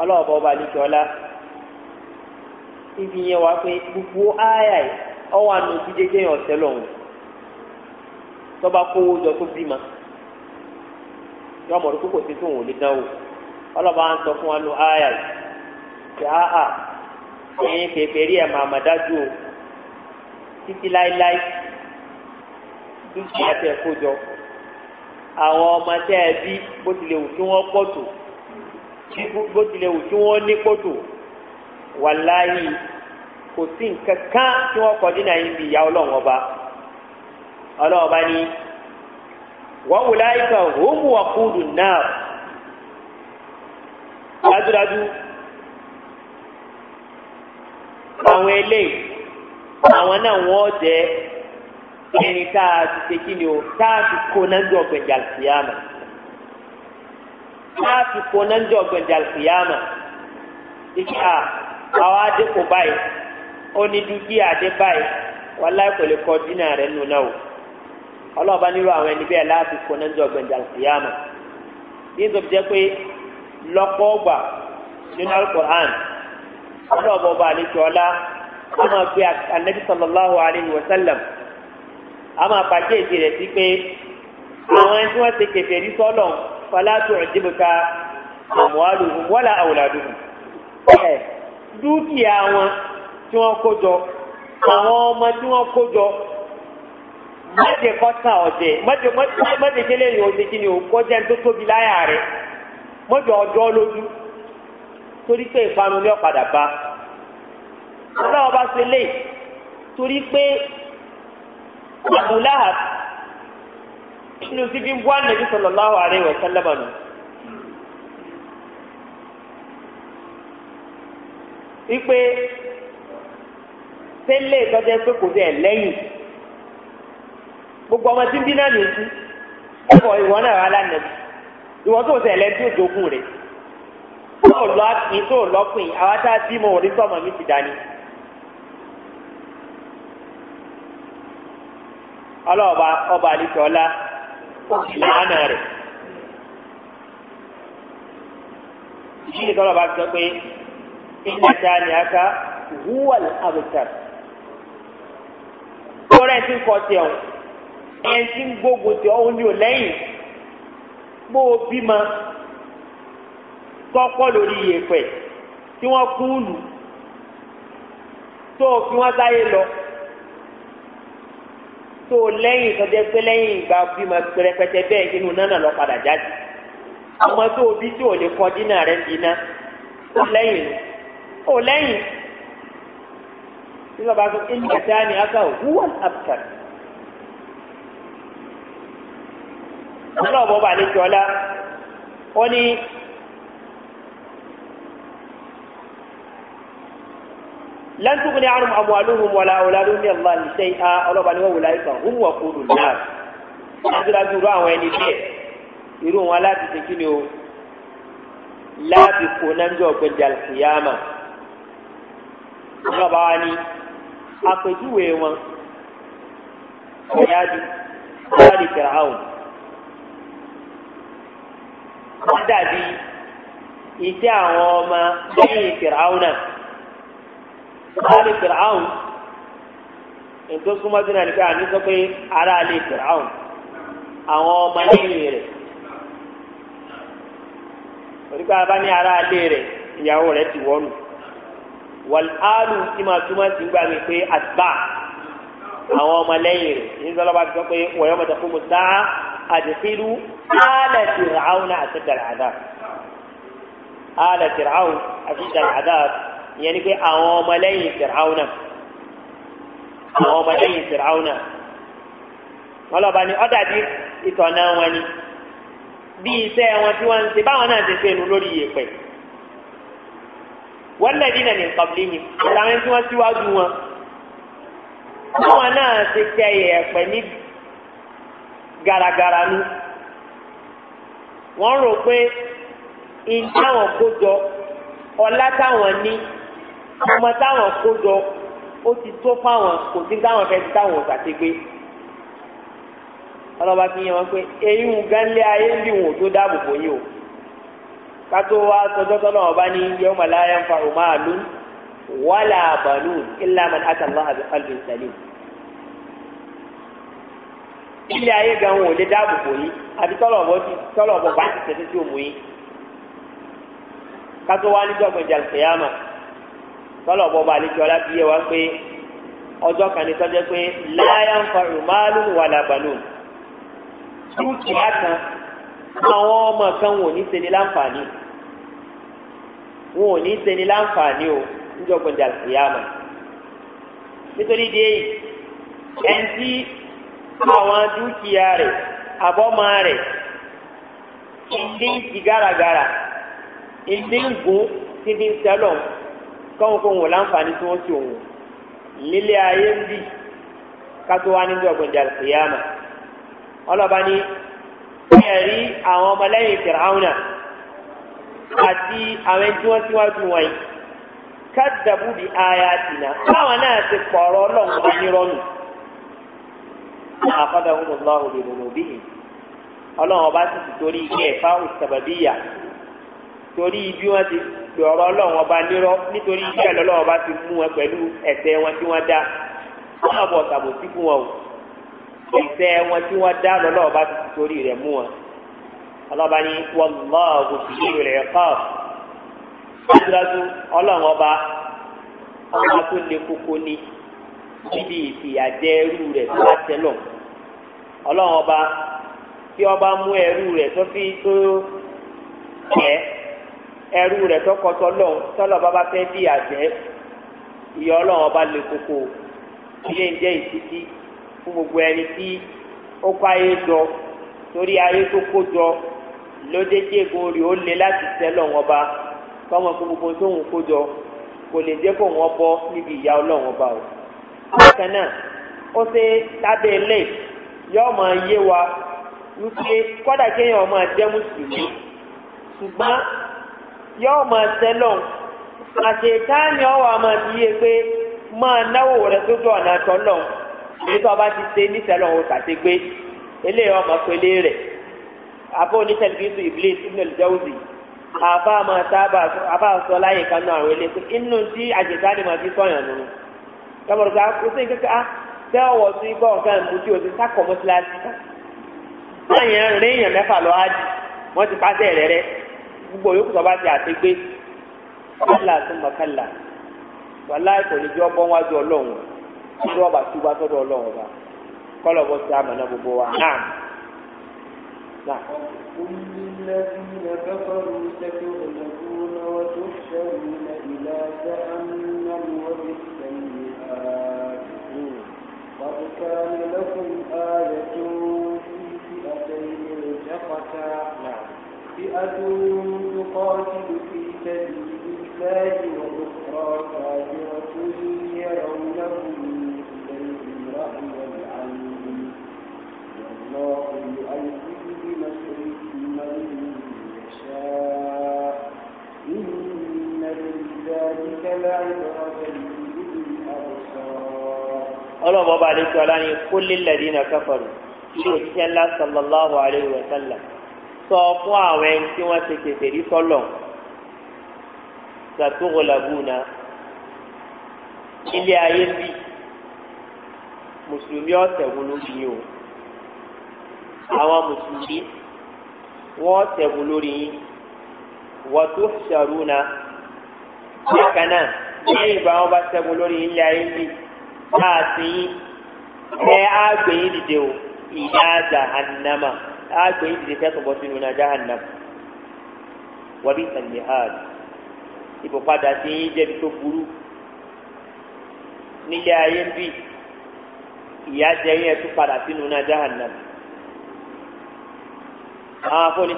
ọlọ́ọ̀bọ ọba ní kíọ́lá ibi yẹn wá pé gbogbo ááyà ọwọ́ àná òbí jẹjẹrẹ ọ̀sẹ̀ lọ́hùn tọ́ba kówó jọ tó bímọ yọmọ rẹ kókò sí tóun ò lè dánwò ọlọ́ba ń sọ fún wa nù áyà ṣe áhà ẹ̀yin kèfèrí ẹ̀ màmá dájú o títí láéláé dúkìá tẹ̀ kó jọ àwọn ọmọ tẹ́ ẹ bí bó tilẹ̀ wù kí wọ́n pọ̀ bó tilẹ̀ wù kí wọ́n ní pọ̀ wàláyé kò sí nǹkan kan tí wọ́n kọ́ dínà yín bí ìyá ọlọ́run ọba ọlọ́ọ̀bá ní wọ́n wù láìka hóòmù wàkúùdù náà dájúdájú àwọn eléyìí àwọn náà wọ́n jẹ́ ẹni tá a ti ṣe kí ni o tá a ti kó náà jọ gbẹ̀jà kìyàmà ti kó náà jọ gbẹ̀jà kìyàmà ìṣá àwọn adékò báyìí ó ní dúkìá adé báyìí wàláì kò lè dínà rẹ̀ nù náà o ọlọ́ọ̀bá nírú àwọn ẹni bẹ́ẹ̀ láti kó náà jọ gbẹ̀dà ìyáàmà bí n tó jẹ́ pé lọ́pọ̀ ọgbà nínú alukur'an ọlọ́ọ̀bá ọba àlejò ọlá a máa pe anabi sallallahu alayhi wa sallam a máa pàṣẹ èdè rẹ̀ sí pé àwọn ẹni tí wọ́n ti kẹfẹ́ rí sọ́lọ̀ falatu ọ̀dìbùkà àmúhàlùhùn wọ́là àwòlàdùhùn ẹ̀ dúkìá wọn tí wọ́n kó jọ àwọn ọmọ tí wọ́n kó jọ mọ́tẹ̀ kọ́tà ọ̀tẹ̀ mọ́tẹ̀ kẹ́lẹ́ yìí ọ̀tẹ̀ kí ni ò kọjá tó tóbi láyà rẹ̀ mọ́tẹ̀ ọjọ́ lójú torí pé ìpanu ní ọ̀padà bá ọlọ́wọ́ bá ṣe lè torí pé àbúláhà nínú tí fi ń bọ́ ànàbí sọ̀lọ́láhà àrẹ wẹ̀ sálámà wípé tẹ́lẹ̀ tọ́jú ẹ pé kò dé ẹ̀ lẹ́yìn gbogbo ọmọ tí ń bí náà nìyí ẹ̀fọ́ ìwọ náà wà lánàbí ìwọ tó sẹ̀lẹ̀ tí ó dogun rẹ̀ tó lọ akin tó lọ́pìn àwa tá a bí mo rí sọ́mọ mi ti dání. ọlọ́ọ̀ba ọba àdìsọ́ ọlá ìlànà rẹ̀. ìṣíni tọ́lọ̀ sọ pé ìdájá ni a ká wúwàl àbùtà. tó rẹ̀ ti ń kọ́ tiẹ̀ o ẹni tí ń gbógun tí ọ̀hún ni ò lẹ́yìn bó o bímọ kọ́kọ́ lórí iyẹ̀pẹ̀ tí wọ́n kú lù tó o fi wọ́n sáyé lọ tó o lẹ́yìn tó jẹ́ pé lẹ́yìn ìgbà bímọ pẹrẹpẹtẹ bẹ́ẹ̀ nínú nánà lọ padà jáde ọmọ tó o bí tí o lè kọ́ dínà rẹ̀ dínà o lẹ́yìn ó lẹ́yìn nígbà bá tó ń bàtà ni a wúwọ́n àbùkàrà. ọlọ́ọ̀bọ̀ bá lè jọlá ó ní lẹ́ntùkú ní àrùn àmọ́ alóhùn wọlá ọ̀làdún ní ọ̀la ìṣe ìhà ọlọ́ba ní wọ́n wò láìsàn ó mú ọkọ̀ òdùn náà dájúdájú irú àwọn ẹni díẹ̀ irú wọn láti ṣe kí ni o láti kó náńjọ́ ọ̀gbẹ́dẹ àlùkìyàmà ọlọ́ba wa ní àpèjúwe wọn ọ̀yájú ọ̀yájú fẹ̀rẹ̀ àwọn wọ́n dàbí iṣẹ́ àwọn ọmọ lẹ́yìn fìràwọn náà wọ́n lè fìràwọn nǹkan súnmọ́ sí náà nípa àmì sọ pé ara lè fìràwọn àwọn ọmọ lẹ́yìn rẹ̀ onígbà bá ní ara lé rẹ̀ ìyàwó rẹ̀ ti wọ́n nù wàlálù tí máa túmọ̀ sí gbà mí pé àtibá àwọn ọmọ lẹ́yìn rẹ̀ ní sọlá bá ti sọ pé wọ́n yọ آل فرعون أشد العذاب آل فرعون أشد العذاب يعني في أوملين فرعون أوملين فرعون wọ́n lọ́ba ni ọ́dà bí ìtọ̀nà wọn ni bí iṣẹ́ wọn tí wọ́n ń ṣe báwọn náà ti ṣe nu lórí ìyèpẹ̀ wọ́n lẹ́ẹ̀dí nà ní nkọ̀bí ni ọ̀làwọn tí wọ́n síwájú wọn báwọn náà ti tẹ ìyẹ̀pẹ̀ ní garagara nu wọ́n rò pé ìdáwọn kójọ ọlá táwọn ní ọmọ táwọn kójọ ó ti tó fáwọn kò sí táwọn fẹ́ ti táwọn ọ̀sà ti gbé ọlọ́ba fi yàn wọ́n pé eyín gánlé ayé ń bí wọn ò tó dáàbò bò yín o kátó wá sọjọ́ tọ́lọ́ ọba ní yẹ́wò màláyà ń fa òmáàlú wàlà àbàlù ìlànà àtàlọ́ àbí kálí ìsàlẹ̀ yìí. ilé ayé gan wọn ò lè dáàbò bò yín àti ti tọ́lọ̀bọ̀ bá ti tẹ̀sí tí ò yín kátó wá ní dọ́gbọ̀n jà lùfẹ̀yàmà tọ́lọ̀bọ̀ bá àlejò ọlábí yẹ wá pé ọjọ́ kan ní tọ́jẹ́ pé wà dúkìá kan àwọn ọmọ kan wọn ní sẹni láǹfààní o ní dọ́gbọ̀n jà lùfẹ̀yàmà àwọn dúkìá rẹ̀ àbọ́mọ rẹ̀ ìdí ìgaragara ìdí ìgún ti di sẹ́lọ̀ kọ́hún kó wọn láǹfààní tí wọ́n ti òun nílé ayé ń bì kátó wá níbi ọ̀gbìnjà ìyáàmà ọlọ́ba ní ẹ̀rí àwọn ọmọlẹ́yìn fìràwùnà àti àwọn ẹni tí wọ́n síwájú wọn yìí kádàbù di ayé àtìná báwọn náà ti pọ̀ ọ̀rọ̀ ọlọ́run ní rọ́nù àfọdà wọn lọ òbí lòlò bí yìí ọlọ́run ọba sì ti torí ilé ẹ̀fá òṣìṣàbàbíyà torí bí wọ́n ti pè ọ̀rọ̀ ọlọ́run ọba lérọ́ nítorí ilé ẹ̀ lọ́lọ́run ọba ti mú wọn pẹ̀lú ẹ̀sẹ̀ wọn tí wọ́n dá wọ́n á bọ̀ ṣàbòsí fún wọn o ẹ̀sẹ̀ wọn tí wọ́n dá lọ́lọ́run ọba ti torí rẹ̀ mú wọn ọlọ́ba ní wọ́lọ́ọ̀bù sí ìrẹ̀ ẹ̀kọ́ níbi ìfìyàjẹ ẹrú rẹ̀ tó bá tẹ lọ ọlọ́run ọba tí ọba mú ẹrú rẹ̀ tó fi tó yẹ ẹrú rẹ̀ tó kọtọ lọ tọ́lọ̀ bàbá fẹ́ bí àjẹ́ ìyá ọlọ́run ọba lè koko ilé ń jẹ́ ìsítí fún gbogbo ẹni tí ó kọ́ ayé jọ torí ayé tó kó jọ lóde jégo rí ó lé láti tẹ́ lọ́wọ́n ọba tọ́mọ fún gbogbo tóun kó jọ kò lè jẹ́ kó wọ́n bọ́ níbi ìyá ọlọ́run ọba o. bákan náà ó ṣe lábẹ́ ilé yóò máa yé wa wípé kọ́dà kéèyàn máa jẹ́ mùsùlùmí ṣùgbọ́n yóò máa sẹ́lọ̀ àṣetáàmì ọ̀wọ́ a máa fi yé pé máa náwó rẹ sójú ọ̀nà àtọ́lọ̀ èyí tó a bá ti ṣe nísẹ̀lọ̀ òun tàṣegbé eléyìí ọmọ pélé rẹ̀ àbó onítẹ̀lifíṣù iblis ibn al-jawzi àbá máa sábà àbá sọ láyè kan náà àwọn inú tí máa fi sọ̀yàn kámọ̀rọ̀ pé kò sí nǹkan kan tẹ́ ọ̀wọ̀ sí bọ́ nǹkan mú tí o ti sákọ̀ mọ́ síláàsì kan láyìn rìn èèyàn mẹ́fà lọ ájì wọ́n ti pàṣẹ rẹ̀ rẹ̀ gbogbo yòókù tó bá ti àtẹgbé kálà tó mọ̀ kálà wàlá kò ní jẹ́ ọgbọ́n wájú ọlọ́run ọdún ọba tí wọ́n tọ́jú ọlọ́run ọba kọ́lọ̀ bọ́ sí àmàlà gbogbo wa náà. قل كان لكم آية في فئتين التقتا نعم. فئة تقاتل في سبيل الله وأخرى كافرة يرونهم من رأي العين والله يؤيد بنصره من يشاء إن لذلك لعبرة ọlọ́mọ bá lè sọ láyé kó lílẹ̀ dínà káfọ̀rù ilé òṣìṣẹ́ ńlá sọlọ́láhu aleyhi wa sálà sọ fún àwọn ẹni tí wọ́n ti tètè rí sọ́lọ̀ gbàtóhùn làbúna ilé ayé bí mùsùlùmí ọ̀sẹ̀ wo lórí yìí o àwọn mùsùlùmí wọ́n ọ̀sẹ̀ wo lórí yìí wọ́n tó ṣàrú na bákan náà lẹ́yìn ìgbà wọn bá ṣẹ́gun lórí ilé ayé bíi. láàfin ẹ àgbè yín dìde o ìyá jahannama àgbè yín dìde fẹ́tọ̀ bọ́ sínú náà jahannama wọ́n bí sàlẹ̀ hàn ìbùpadà sí yín jẹ́bi tó nílé ayé ń bì ìyá jẹ́ yín ẹtú padà sínú náà jahannama àwọn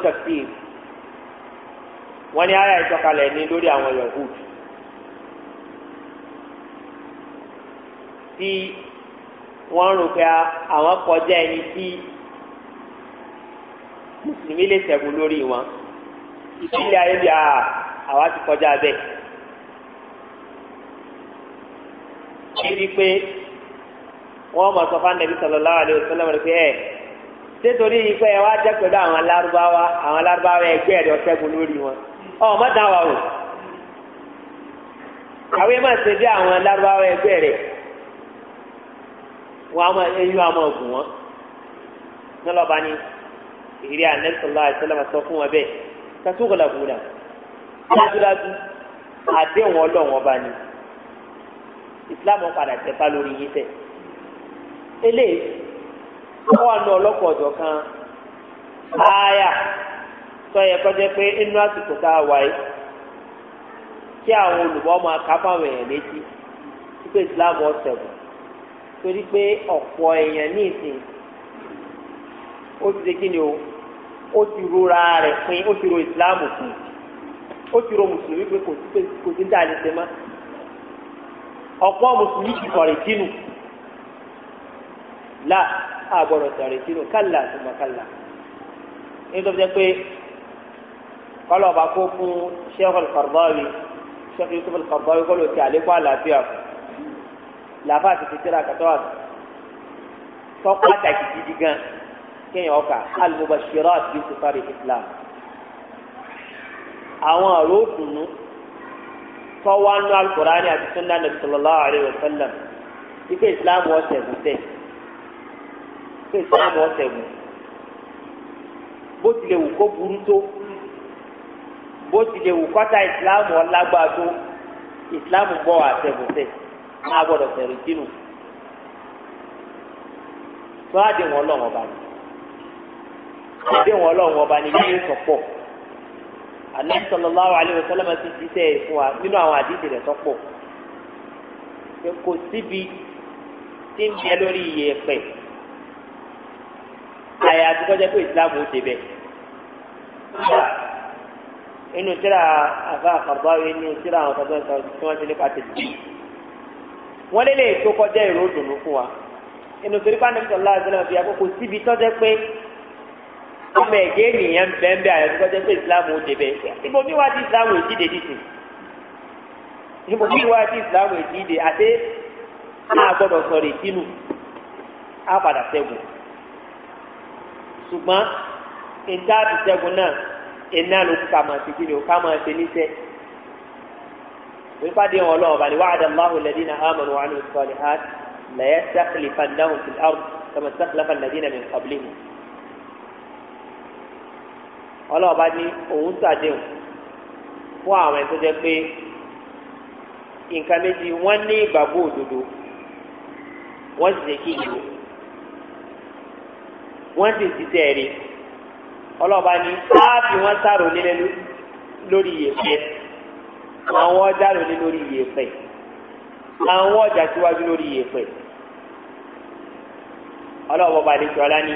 tí wọ́n rò pé àwọn kọjá ẹni tí mùsùlùmí lè sẹ̀gùn lórí wọn ìpínlẹ̀ ayé bíi àwa ti kọjá bẹ́ẹ̀. níbi pé wọ́n mọ̀ sọ fún anabi sọlọ́lá àlẹ́ òṣèlú rẹ̀ pé ẹ̀ nítorí yìí pé ẹ wá jẹ́ pẹ̀lú àwọn lárúbáwá àwọn lárúbáwá ẹgbẹ́ ẹ̀dọ́ sẹ́gun lórí wọn ọ̀ mọ̀ dáwà o àwọn ẹ̀ máa ṣe bí àwọn lárúbáwá ẹgbẹ́ rẹ̀ wọn àmọ́ eyín àmọ́ ògùn wọn nílọba ni ìrírí anẹsọlá àìsọlọmọ sọ fún wọn bẹ́ẹ̀ kàtúkọlà gbúdà dájúdájú àdéhùn Ọlọ́run ọba ni ìsìlámù padà tẹpá lórí yìí tẹ eléyìí wọn wà ní ọlọpọ ọjọ́ kan ààyà sọyẹ kọjá pé inú àsìkò tá a wà yìí kí àwọn olùbọ́ máa ká fáwọn èèyàn létí wípé ìsìlámù ọ̀sẹ̀ bọ̀ torí pé ọ̀pọ̀ èèyàn ní ìsìn ó ti ṣe kí ni o ó ti rora rẹ̀ pin ó ti ro ìsìláàmù pin ó ti ro mùsùlùmí pé kò sí kò sí dáàlì ṣe mọ́ ọ̀pọ̀ mùsùlùmí ti sọ̀rọ̀ ìdínú là àgbọ̀rọ̀ sọ̀rọ̀ ìdínú kálà ṣùgbọ́n kálà nítorí jẹ́ pé kọ́lọ̀ ọba kó fún sheikh al-Qaradawi sheikh Yusuf al-Qaradawi kọ́lọ̀ ti àlékún àlàáfíà fún làbá àtẹ̀tẹ̀ tẹ́lá kàtọ́ àgbà tọ́pọ̀ àtàkì gidi gan kéèyàn ọkà al-mubashirat àti sùfàrì islam àwọn ọ̀rọ̀ òdùnnú tọ́wọ́ nù al-Qur'ani àti sunna nabi sallallahu alayhi wa sallam ife islam ọ̀sẹ̀ gùn tẹ̀ ife islam ọ̀sẹ̀ gùn bó tilẹ̀ wù kó burú tó bó tilẹ̀ wù kọ́ta islam ọ̀lágbá tó islam bọ̀ àtẹ̀gùn tẹ̀ máa gbọ́dọ̀ tẹ̀lé kínú tó àdéhùn ọlọ́run ọba ni àdéhùn ọlọ́run ọba ni yíyé sọ̀pọ̀ anabi sallallahu alayhi wa sallam ti ti sẹ fún wa nínú àwọn àdìsí rẹ sọpọ kò síbi tí ń bẹ lórí iye ẹpẹ àyà àtikọ́jẹ́ pé ìsìlámù ó débẹ̀ inú tíra àfa àkàbáwé inú tíra àwọn ọ̀sán tó tí wọ́n ti nípa tètè wọ́n lé lè tó kọjá ìró dùnú fún wa inú torí pa nàbí sọlá àti náà fi àkókò síbi tọ́jẹ́ pé ọmọ ẹ̀gẹ́ ènìyàn bẹ́ẹ̀ àyẹ̀tí tọ́jẹ́ pé ìsìláàmù ó débẹ̀ ibo bí wàá di ìsìláàmù èjì dé dìtì ibo bí wàá di ìsìláàmù èjì dé àti náà gbọ́dọ̀ sọ̀rọ̀ ìdínú á padà sẹ́gun ṣùgbọ́n ìta àti náà ìnáà ló ká máa ti kí ó ká máa ṣe níṣẹ́ ìpàdé wọn lọ́wọ́ bá ní wàhádà máhùn lẹ́dí náà hàmà ní wàhánù sọ́ọ̀lì hàn lẹ́yẹ sákìlìfà náà fi àrùn kama sákìlìfà lẹ́dí náà mi kọ́bìlì mi. ọlọ́wọ́ bá ní òun sàdéhùn fún àwọn ẹ̀ tó jẹ́ pé nǹkan méjì wọ́n ní ìgbàgbọ́ òdodo wọ́n sì ṣe kí ìlú wọ́n sì ti tẹ̀rí ọlọ́ọ̀bá ní sáàbì wọ́n sáró nílẹ̀ lórí ìyẹ̀fẹ́ àwọn ọjà lónìí lórí iye pẹ̀ àwọn ọjà síwájú lórí iye pẹ̀ ọlọ́wọ́ bá lè sọ́lá ní.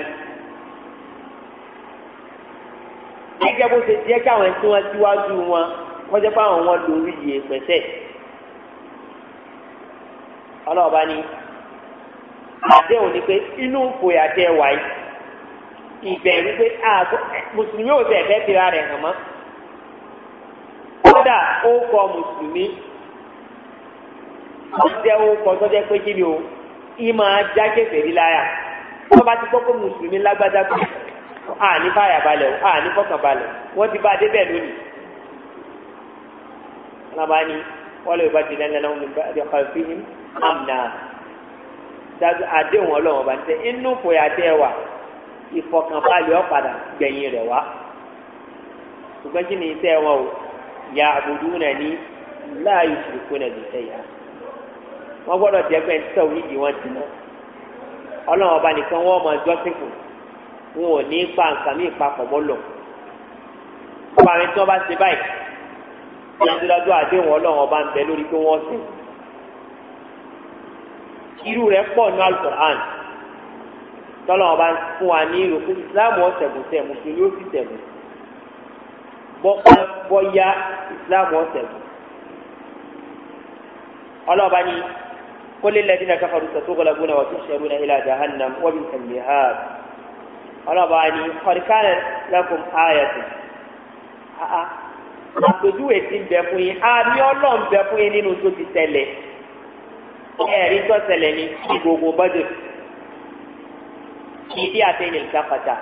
gẹ́gẹ́ bó ṣe jẹ́ káwọn tí wọ́n síwájú wọn wọ́n jẹ́ fáwọn wọn lórí iye pẹ̀sẹ̀ ọlọ́wọ́ bá ní. àdéhùn ni pé inú ìfòyà tẹ wáyé ìbẹ̀rù pé mùsùlùmí ò tẹ̀ fẹ́ tira rẹ̀ hàn mọ́ kódà ó kọ mùsùlùmí ọjọ́ ó kọ sọ́jọ́ pé kí ni o ìmọ̀ ajá kẹfẹ́rí láyà wọ́n bá ti kọ́kọ́ mùsùlùmí lágbádá pé à ní fàyà balẹ̀ o à ní fọkàn balẹ̀ wọ́n ti bá a débẹ̀ lónìí. alábàá ni wọ́n lè bá jìnnà ẹ̀ lọ́wọ́ nípa ẹ̀kọ́ ìfihìn àmì dájú àdéhùn ọlọ́run ọba tẹ inú fòyà tẹ ẹ wà ìfọkànbalẹ̀ ọ̀padà gbẹ̀yìn rẹ̀ wá ṣùgbọ́n kí ni tẹ́ ẹ wọ́n o ya'budunani la yushrikuna bi shay'a wọ́n gbọ́dọ̀ jẹ́ pé ẹni tẹ̀wé ìdí wọn ti náà ọlọ́run ọba nìkan wọ́n mọ ẹjọ́ sìnkù wọn ò ní pa nǹkan ní ìpapọ̀ mọ́ lọ. ọba mi tí wọ́n bá ṣe báyìí wọ́n ti dájú àdéhùn ọlọ́run ọba ń bẹ lórí pé wọ́n sìn. irú rẹ̀ pọ̀ ní alukur'an tọ́lọ́run ọba fún wa ní ìròkú ìsìláàmù ọ̀sẹ̀gùn sẹ̀ mùsùlùmí ó sì sẹ̀gùn sí bọ́pẹ́ bọ́yá islam ọ̀sẹ̀ tó ọlọ́ọ̀bá ni kólé lẹ́dínà káfàrú sàtógọ́lágún náà wà tó ṣẹ̀rú náà ilá jahannam wọ́n bí sàmì hàb ọlọ́ọ̀bá ni kọ̀ríkánà lákùn ayàtì àpèjúwe ti bẹ̀ fún yín àmì ọlọ́ọ̀n bẹ̀ fún yín nínú tó ti tẹ̀lẹ̀ ẹ̀rí tó tẹ̀lẹ̀ ní gbogbo bọ́dọ̀ kì àtẹ̀yìn ìkápátá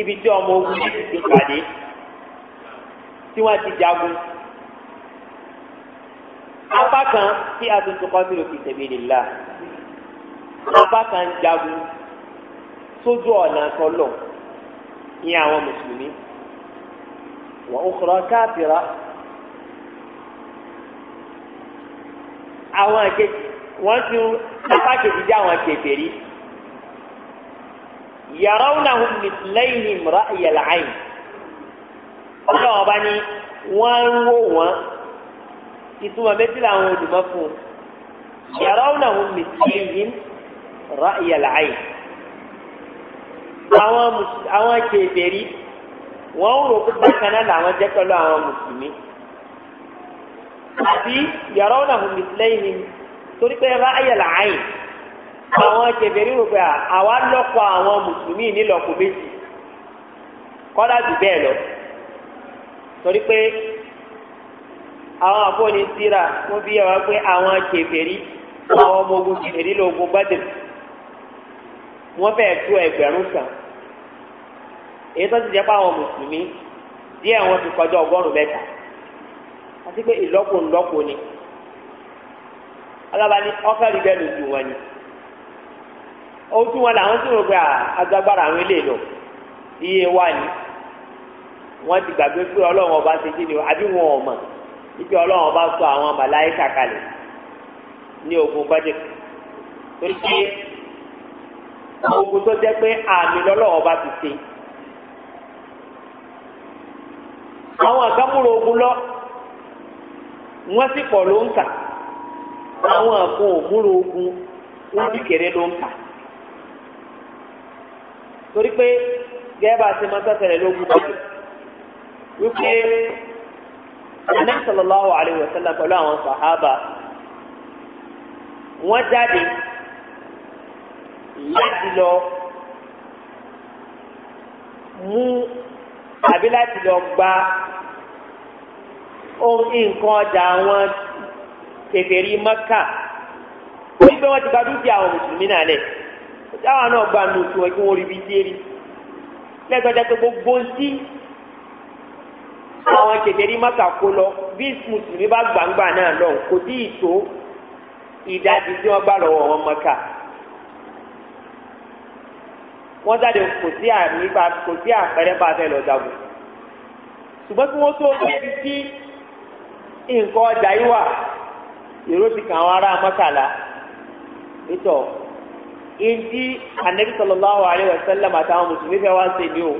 ibi tí ọmọ ogun yìí ti pàdé tí wọ́n ti jagun apá kan tí a tuntun kọ́ sílò fi tẹ̀lé nílá apá kan ń jagun sójú ọ̀nà sọlọ̀ ní àwọn mùsùlùmí wọ́n ń kọ́ káàpìrà àwọn àkejì wọ́n tún apá kejì jẹ́ àwọn kèfèrí yàráwùnàhùn mìtìlẹ́yìn ra'yal ayn ọlọ́wọ́ bá ní wọ́n ń wò wọ́n ìtumọ̀ méjì làwọn olùmọ̀ fún yàráwùnàhùn mìtìlẹ́yìn ra'yal ayn àwọn kèfèrí wọ́n ń rò pé bákan náà làwọn jẹ́ pẹ̀lú àwọn mùsùlùmí àti yàráwùnàhùn mìtìlẹ́yìn torí pé ra'yal ayn àwọn jẹ̀bẹ̀rí rò pé àwa lọ́kọ̀ àwọn mùsùlùmí nílọ́kọ̀ méjì kọ́dà jù bẹ́ẹ̀ lọ torí pé àwọn àbóni síra wọ́n fi yẹ wá pé àwọn jẹ̀bẹ̀rí àwọn ọmọ ogun jẹ̀bẹ̀rí lóògùn bàdẹ̀ wọ́n fẹ́ẹ́ tó ẹgbẹ̀rún kan èyí tó ti jẹ́ pé àwọn mùsùlùmí díẹ̀ wọn ti kọjá ọgọ́rùn-ún mẹ́ta àti pé ìlọ́kùnlọ́kùn ni alábàání ọ́fẹ́ rí bẹ́ẹ̀ lójú wọn ni. oju wọn làwọn tí wọn gba agbára àwọn ilé lọ iye wa ni wọn ti gbàgbé pé ọba ṣe kí o àbí wọn ọba sọ àwọn màláìkà kalẹ̀ ní ogun budget ogun tó pé àmì lọ́lọ́run ọba ti ṣe àwọn ogun lọ wọ́n sì pọ̀ ló ń kà àwọn àgbọn òmúrò ogun sì kéré ló ń kà. torí pé gẹ́gẹ́ ṣe máa tẹ́tẹ̀rẹ̀ lógún báyìí wípé anabi sallallahu pẹ̀lú àwọn sàhábà wọ́n jáde láti lọ mú àbí láti lọ gba ohun nǹkan ọjà àwọn kèfèrí mọ́kà wípé wọ́n ti àwọn mùsùlùmí náà táwọn náà gba nù tiwọn kí wọ́n rí bí déèrè lẹ́gbẹ̀ẹ́ jẹ́ pé gbogbo sí àwọn kèfèrí mọ́ta kó lọ bí mùsùlùmí bá gbàǹgbà náà lọ kò tí ì tó ìdajì tí wọ́n gbà lọ́wọ́ wọn mọ́ta wọ́n jáde kò sí àmì kò sí àpẹẹrẹ bá fẹ́ lọ jagun ṣùgbọ́n kí wọ́n tó lóbi sí nǹkan ọjà yìí wà èrò ti kàn àwọn ará mọ́tàlá nítọ̀ ìdí anabi sallallahu alayhi wa sallam àtàwọn mùsùlùmí fẹ́ wá ṣe ni o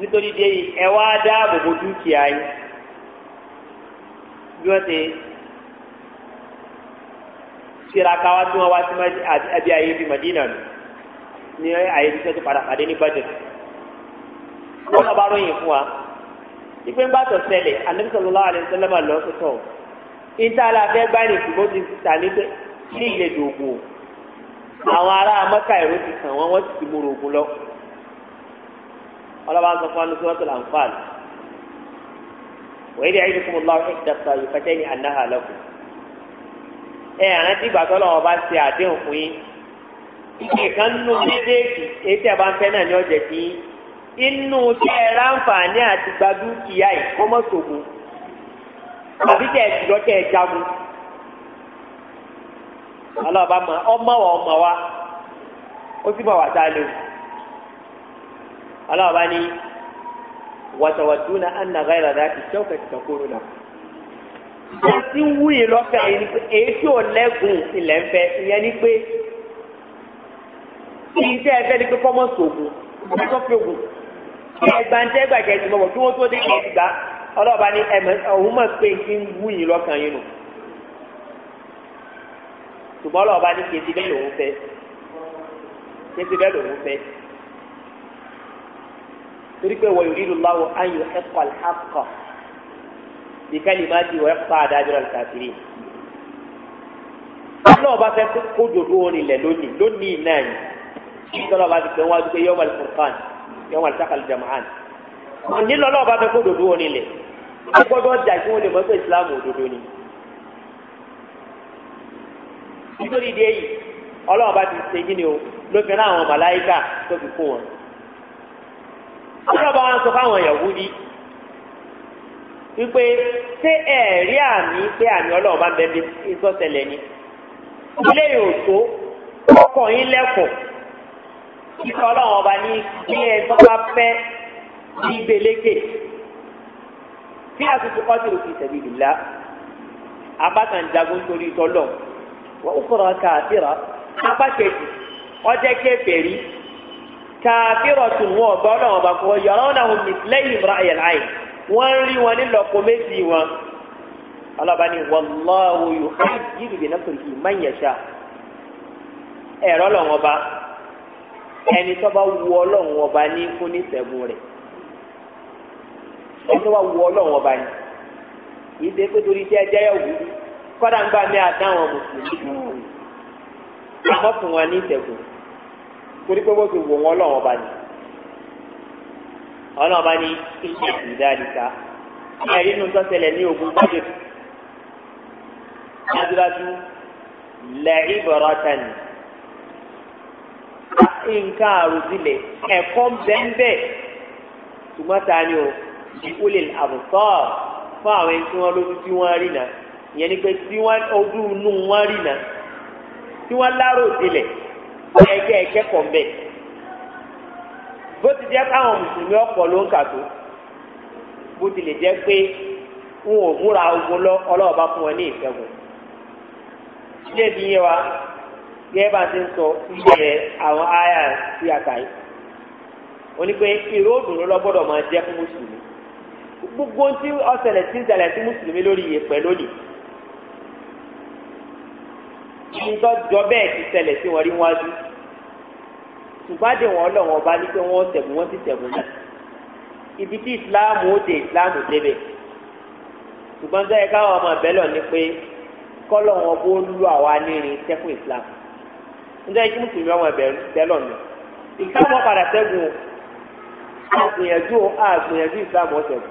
nítorí dé yìí ẹ wá dáàbò bo dúkìá yìí bí wọ́n ti tiraka wá tí wọ́n wá sí àbí ayé bíi madina nù ní ayé bíi sẹ́tù padà pàdé ní budget wọ́n náà bá ròyìn fún wa ìpè bá tọ̀ sẹ́lẹ̀ anabi sallallahu alayhi wa sallam lọ́sọ̀tọ̀ ìta la fẹ́ ní ìsìnkú ti tà ní ilé dògbò. àwọn ará amẹ́ka ẹ̀rọ ti kàn wọ́n wọ́n ti ti múra ogun lọ ọlọ́ba sọ fún alùpùpù wọn tó là ń fà lù wọ́n yẹ kí fún ọlọ́wọ́ ìdàpọ̀ ìfẹ́tẹ́ ní anáhà lọ́kùn ẹ àrántí ìgbà tó lọ́wọ́ bá ṣe àdéhùn fún yín ìkan nínú méjèèjì èyí tí a bá ń fẹ́ náà ní ọ̀jẹ̀ sí inú tí ẹ ráǹfààní àti gbadúkìá aláàbá ma ọmọ wa ọmọ wa o sì bọ̀ wá tá a lò aláàbá ni wàtàwàdúnà ànàgá ìlànà ti sẹ́wọ̀kẹ́ ti sàkóró náà wọ́n ti ń wúyè lọ́fẹ̀ yìí ni pé èyí tí ò lẹ́gùn ilẹ̀ ń fẹ́ ìyẹn ni pé kí iṣẹ́ ẹgbẹ́ ni pé kọ́mọ̀ sògùn kọ́mọ̀ sògùn kí ẹgbàntẹ́ gbàjẹ́ ìtumọ̀ bọ̀ kí wọ́n tó dé kí ẹ ti gbà ọlọ́ọ̀bá ni ọ̀hún mọ̀ pé kí ń wúyè lọ́kàn yìí ṣùgbọ́n ọlọ́ọ̀bá ní kí etí bẹ́ẹ̀ lòún fẹ́ kí etí bẹ́ẹ̀ lòún fẹ́ torí pé wọ́n yòrídùn láwọ̀ ayò ẹ̀kọ́ àlhàkọ́ ìkẹ́lì máa di wọ́n pa àdájọ́ àlùkàkiri. ọlọ́ọ̀bá fẹ́ kó dòdò orin ilẹ̀ lónìí lónìí náà yìí kí ọlọ́ọ̀bá ti pè wọ́n adúgbò yọ̀ọ́ mọ̀lẹ́ fúnfàn yọ̀ọ́ mọ̀lẹ́ sákàlù jamaán. òní lọ́lọ́ọ̀bá fẹ́ kó dòdò orin ilẹ̀ ọgbọ́dọ̀ jà kí ìsìlámù òdodo ni nítorí ìdí èyí ọlọ́run bá ti ṣe kí ni o ló fi rán àwọn màláìkà tó fi kó wọn. ọlọ́run bá wọn sọ fáwọn Yahudi wípé ṣé ẹ rí àmì pé àmì ọlọ́run bá ń bẹ bí ìsọ̀tẹ̀lẹ̀ ni ilé ìhòòtó ọkọ̀ yín lẹ́kọ̀ọ́ ìkọ̀ ọlọ́run ọba ní bí ẹ tó bá fẹ́ ní gbèlékè tí a ti fi kọ́ sí òkè ìtẹ̀lẹ́ ìlú la abákan jagun torí tọ́lọ́run. ọkùnrin kàfírà apá kejì ọjẹ kẹfẹẹri kàfírà tún wọn ọgbà Ọlọ́run ọba kọ yọrọ wọn àwọn lẹ́yìn ìmúra ayẹlẹ wọn rí ẹrọ lọ́wọ́ ọba ẹni tó bá wu Ọlọ́run ọba ní fún rẹ̀ ẹni tó bá wu ní torí kọ́dà ń gbà mí àdáwọn mùsùlùmí àmọ́ fún wọn ní ìtẹ̀gùn torí pé wọ́n ti wò wọ́n lọ́wọ́ bá ní ọlọ́wọ́ bá ní ìṣe ìdáríta ẹ̀rí inú tó ṣẹlẹ̀ ní ogun gbọ́dọ̀ dájúdájú lẹ́yìn bọ̀rọ̀ tani nǹkan àròsílẹ̀ ẹ̀kọ́ bẹ́ńbẹ́ ṣùgbọ́n ta ni o ìkólè àbùsọ̀ fún àwọn ẹni tí wọ́n lójú tí wọ́n rí náà ìyẹn ni pé tí wọ́n ojú inú wọn rí náà tí wọ́n lárò tilẹ̀ ẹ̀kẹ́ ẹ̀kẹ́kọ̀ọ́ mbẹ́ bó ti jẹ́ káwọn mùsùlùmí ọ̀pọ̀ ló ń kà tó bó tilẹ̀ jẹ́ pé wọn ò múra ogun lọ ọlọ́ọ̀bá fún wọn ní ìfẹ́gun ilé ìdí yẹn wa gẹ́gẹ́ bá ti ń sọ ìbẹ̀rẹ̀ àwọn àyà sí àkàyè wọn ni pé ìró òdòdó lọ máa jẹ́ fún mùsùlùmí gbogbo ọ̀sẹ̀lẹ̀ tí ń ṣẹlẹ̀ sí mùsùlùmí lórí ìyẹ̀pẹ̀ lónìí nígbà jọ bẹ́ẹ̀ ti ṣẹlẹ̀ sí wọn rí wájú ṣùgbọ́n àdéhùn ọlọ́run ọba ní pé wọ́n tẹ̀gùn wọ́n ti tẹ̀gùn náà ibi tí ìsìláàmù ó de ìsìláàmù débẹ̀ ṣùgbọ́n sẹ́yìn káwọn ọmọ ìbẹ́lọ̀ ni pé kọ́lọ́run ọba ó lù àwa nírin tẹ́kùn ìsìláàmù ǹjẹ́ ikú mùsùlùmí ọmọ ìbẹ́lọ̀ ni ìsìláàmù padà tẹ́gùn àgbìyànjú àgbìyànjú ìsìláàmù ọ̀tẹ̀gùn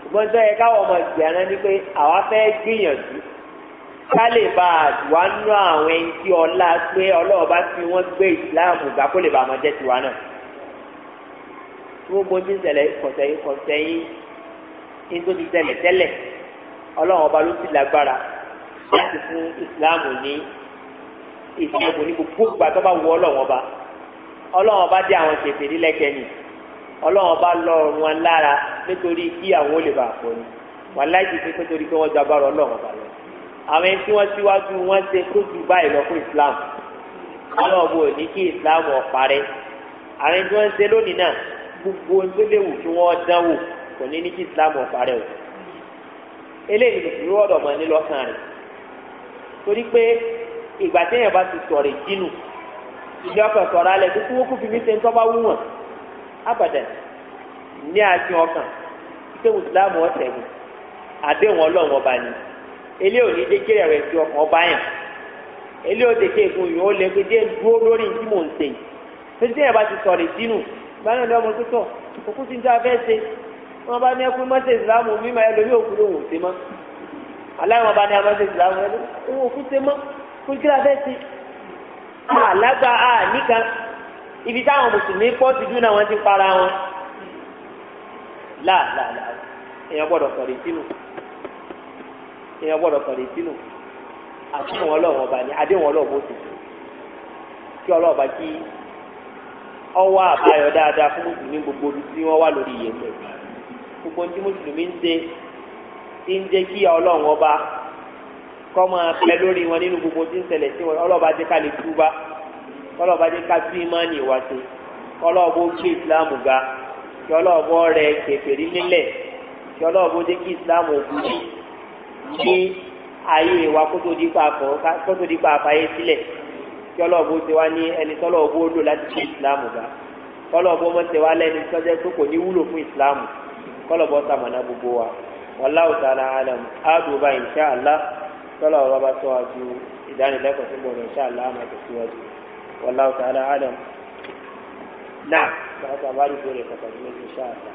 ṣùgbọ́n sẹ́yìn káwọn ọmọ ìgbìyànjú ni pé àwa fẹ́ gbìyànjú ká lè bá àdùá nú àwọn ẹni tí ọlá pé ọlọ́wọ́ bá fi wọ́n gbé ìsìláàmù gbà kó lè bá àmọ́ jẹ́ tiwa náà. tí wọ́n gbójú ìṣẹ̀lẹ̀ kọ̀sẹ̀yìn kọ̀sẹ̀yìn ní tó ti ṣẹlẹ̀ tẹ́lẹ̀ ọlọ́wọ́ ọba ló ti lágbára láti fún ìsìláàmù ní ìṣẹ́gun ní gbogbo ìgbà tó bá wọ ọlọ́wọ́ ọba ọlọ́wọ́ ọba dé àwọn ṣèṣe nílẹ̀kẹ́ni ọlọ́wọ́ ọba bá lọ àwọn ẹni tí wọ́n síwájú wọ́n ṣe tó ju báyìí lọ fún islam ọlọ́ọ̀bù ò ní kí islam ọ̀parẹ́ àwọn ẹni tí wọ́n ṣe lónìí náà gbogbo ohun tó léwu kí wọ́n dánwò kò ní ní kí islam ọ̀parẹ́ o eléyìí mùsùlùmí wọ́dọ̀ mọ̀ ní lọ́sàn rẹ̀ torí pé ìgbà téèyàn bá ti sọ̀rọ̀ ìjínú ìdí ọkàn sọ̀rọ̀ alẹ́ tó tí wọ́n kú fi mí ṣe ń tọ́ bá wú wọn abàdàn ní àjọ ọkàn ìṣe mùsùlùmí ọ̀sẹ̀ mi àdéhùn ọlọ́run ọba ni ilé òní dékèrè rẹ̀ ti ọkàn ọba yàn Ele òde ké egun yìí ó lè pé díẹ̀ dúró lórí tí mò ń se pété yẹn bá ti sọ̀rọ̀ ìdínú báyọ̀ ní ọmọ pípọ̀ òkú ti ń tá a fẹ́ ṣe wọn bá ní ẹkú mọ́tẹ́ ìsìlámù mímọ ẹlòmí òkú lòun ò se mọ́ aláìmọ̀ bá ní amọ́tẹ́ ìsìlámù ẹlòmí òun òkú se mọ́ fún kí la fẹ́ ṣe àlágbá ah, a ah, nìkan ibi táwọn mùsùlùmí pọ̀ ti dún náà wọ́n ti para wọn láàláà èèyàn gbọ́dọ̀ sọ̀rọ̀ ìdínú èèyàn gbọ́dọ̀ sọ̀rọ̀ ìsínú àfihàn ọlọ́run ọba ni adéhùn ọlọ́run ó sì kí ọba kí ọwọ́ àbáyọ dáadáa fún mùsùlùmí gbogbo tí wọ́n wà lórí ìyẹ̀pẹ̀ gbogbo tí mùsùlùmí ń ti ń kí lórí wọn nínú gbogbo tí ń sí wọn ká lè túbá ká ní ayé wa kótó dípa àfàyè sílẹ̀ kí ọlọ́ọ̀bù ti wá ní ẹni tọ́lọ́ọ̀bù ó lò láti ṣe ìsìláàmù gbà kọ́lọ́ọ̀bù ọmọ ti wá lẹ́ni tọ́jẹ́ tó kò ní wúlò fún ìsìláàmù kọ́lọ́ọ̀bù ọ̀sàmọ̀nà gbogbo wa wàláwù tààlà àlàmù àdùbà ìṣá àlá tọ́lọ́ọ̀bù bá tó wájú ìdánilẹ́kọ̀ọ́ tó gbọdọ̀ ìṣá àlá àmà tó síwájú wàláwù tààlà àlàmù náà bàtà bá rí bèrè pàtàkì méjì àlá.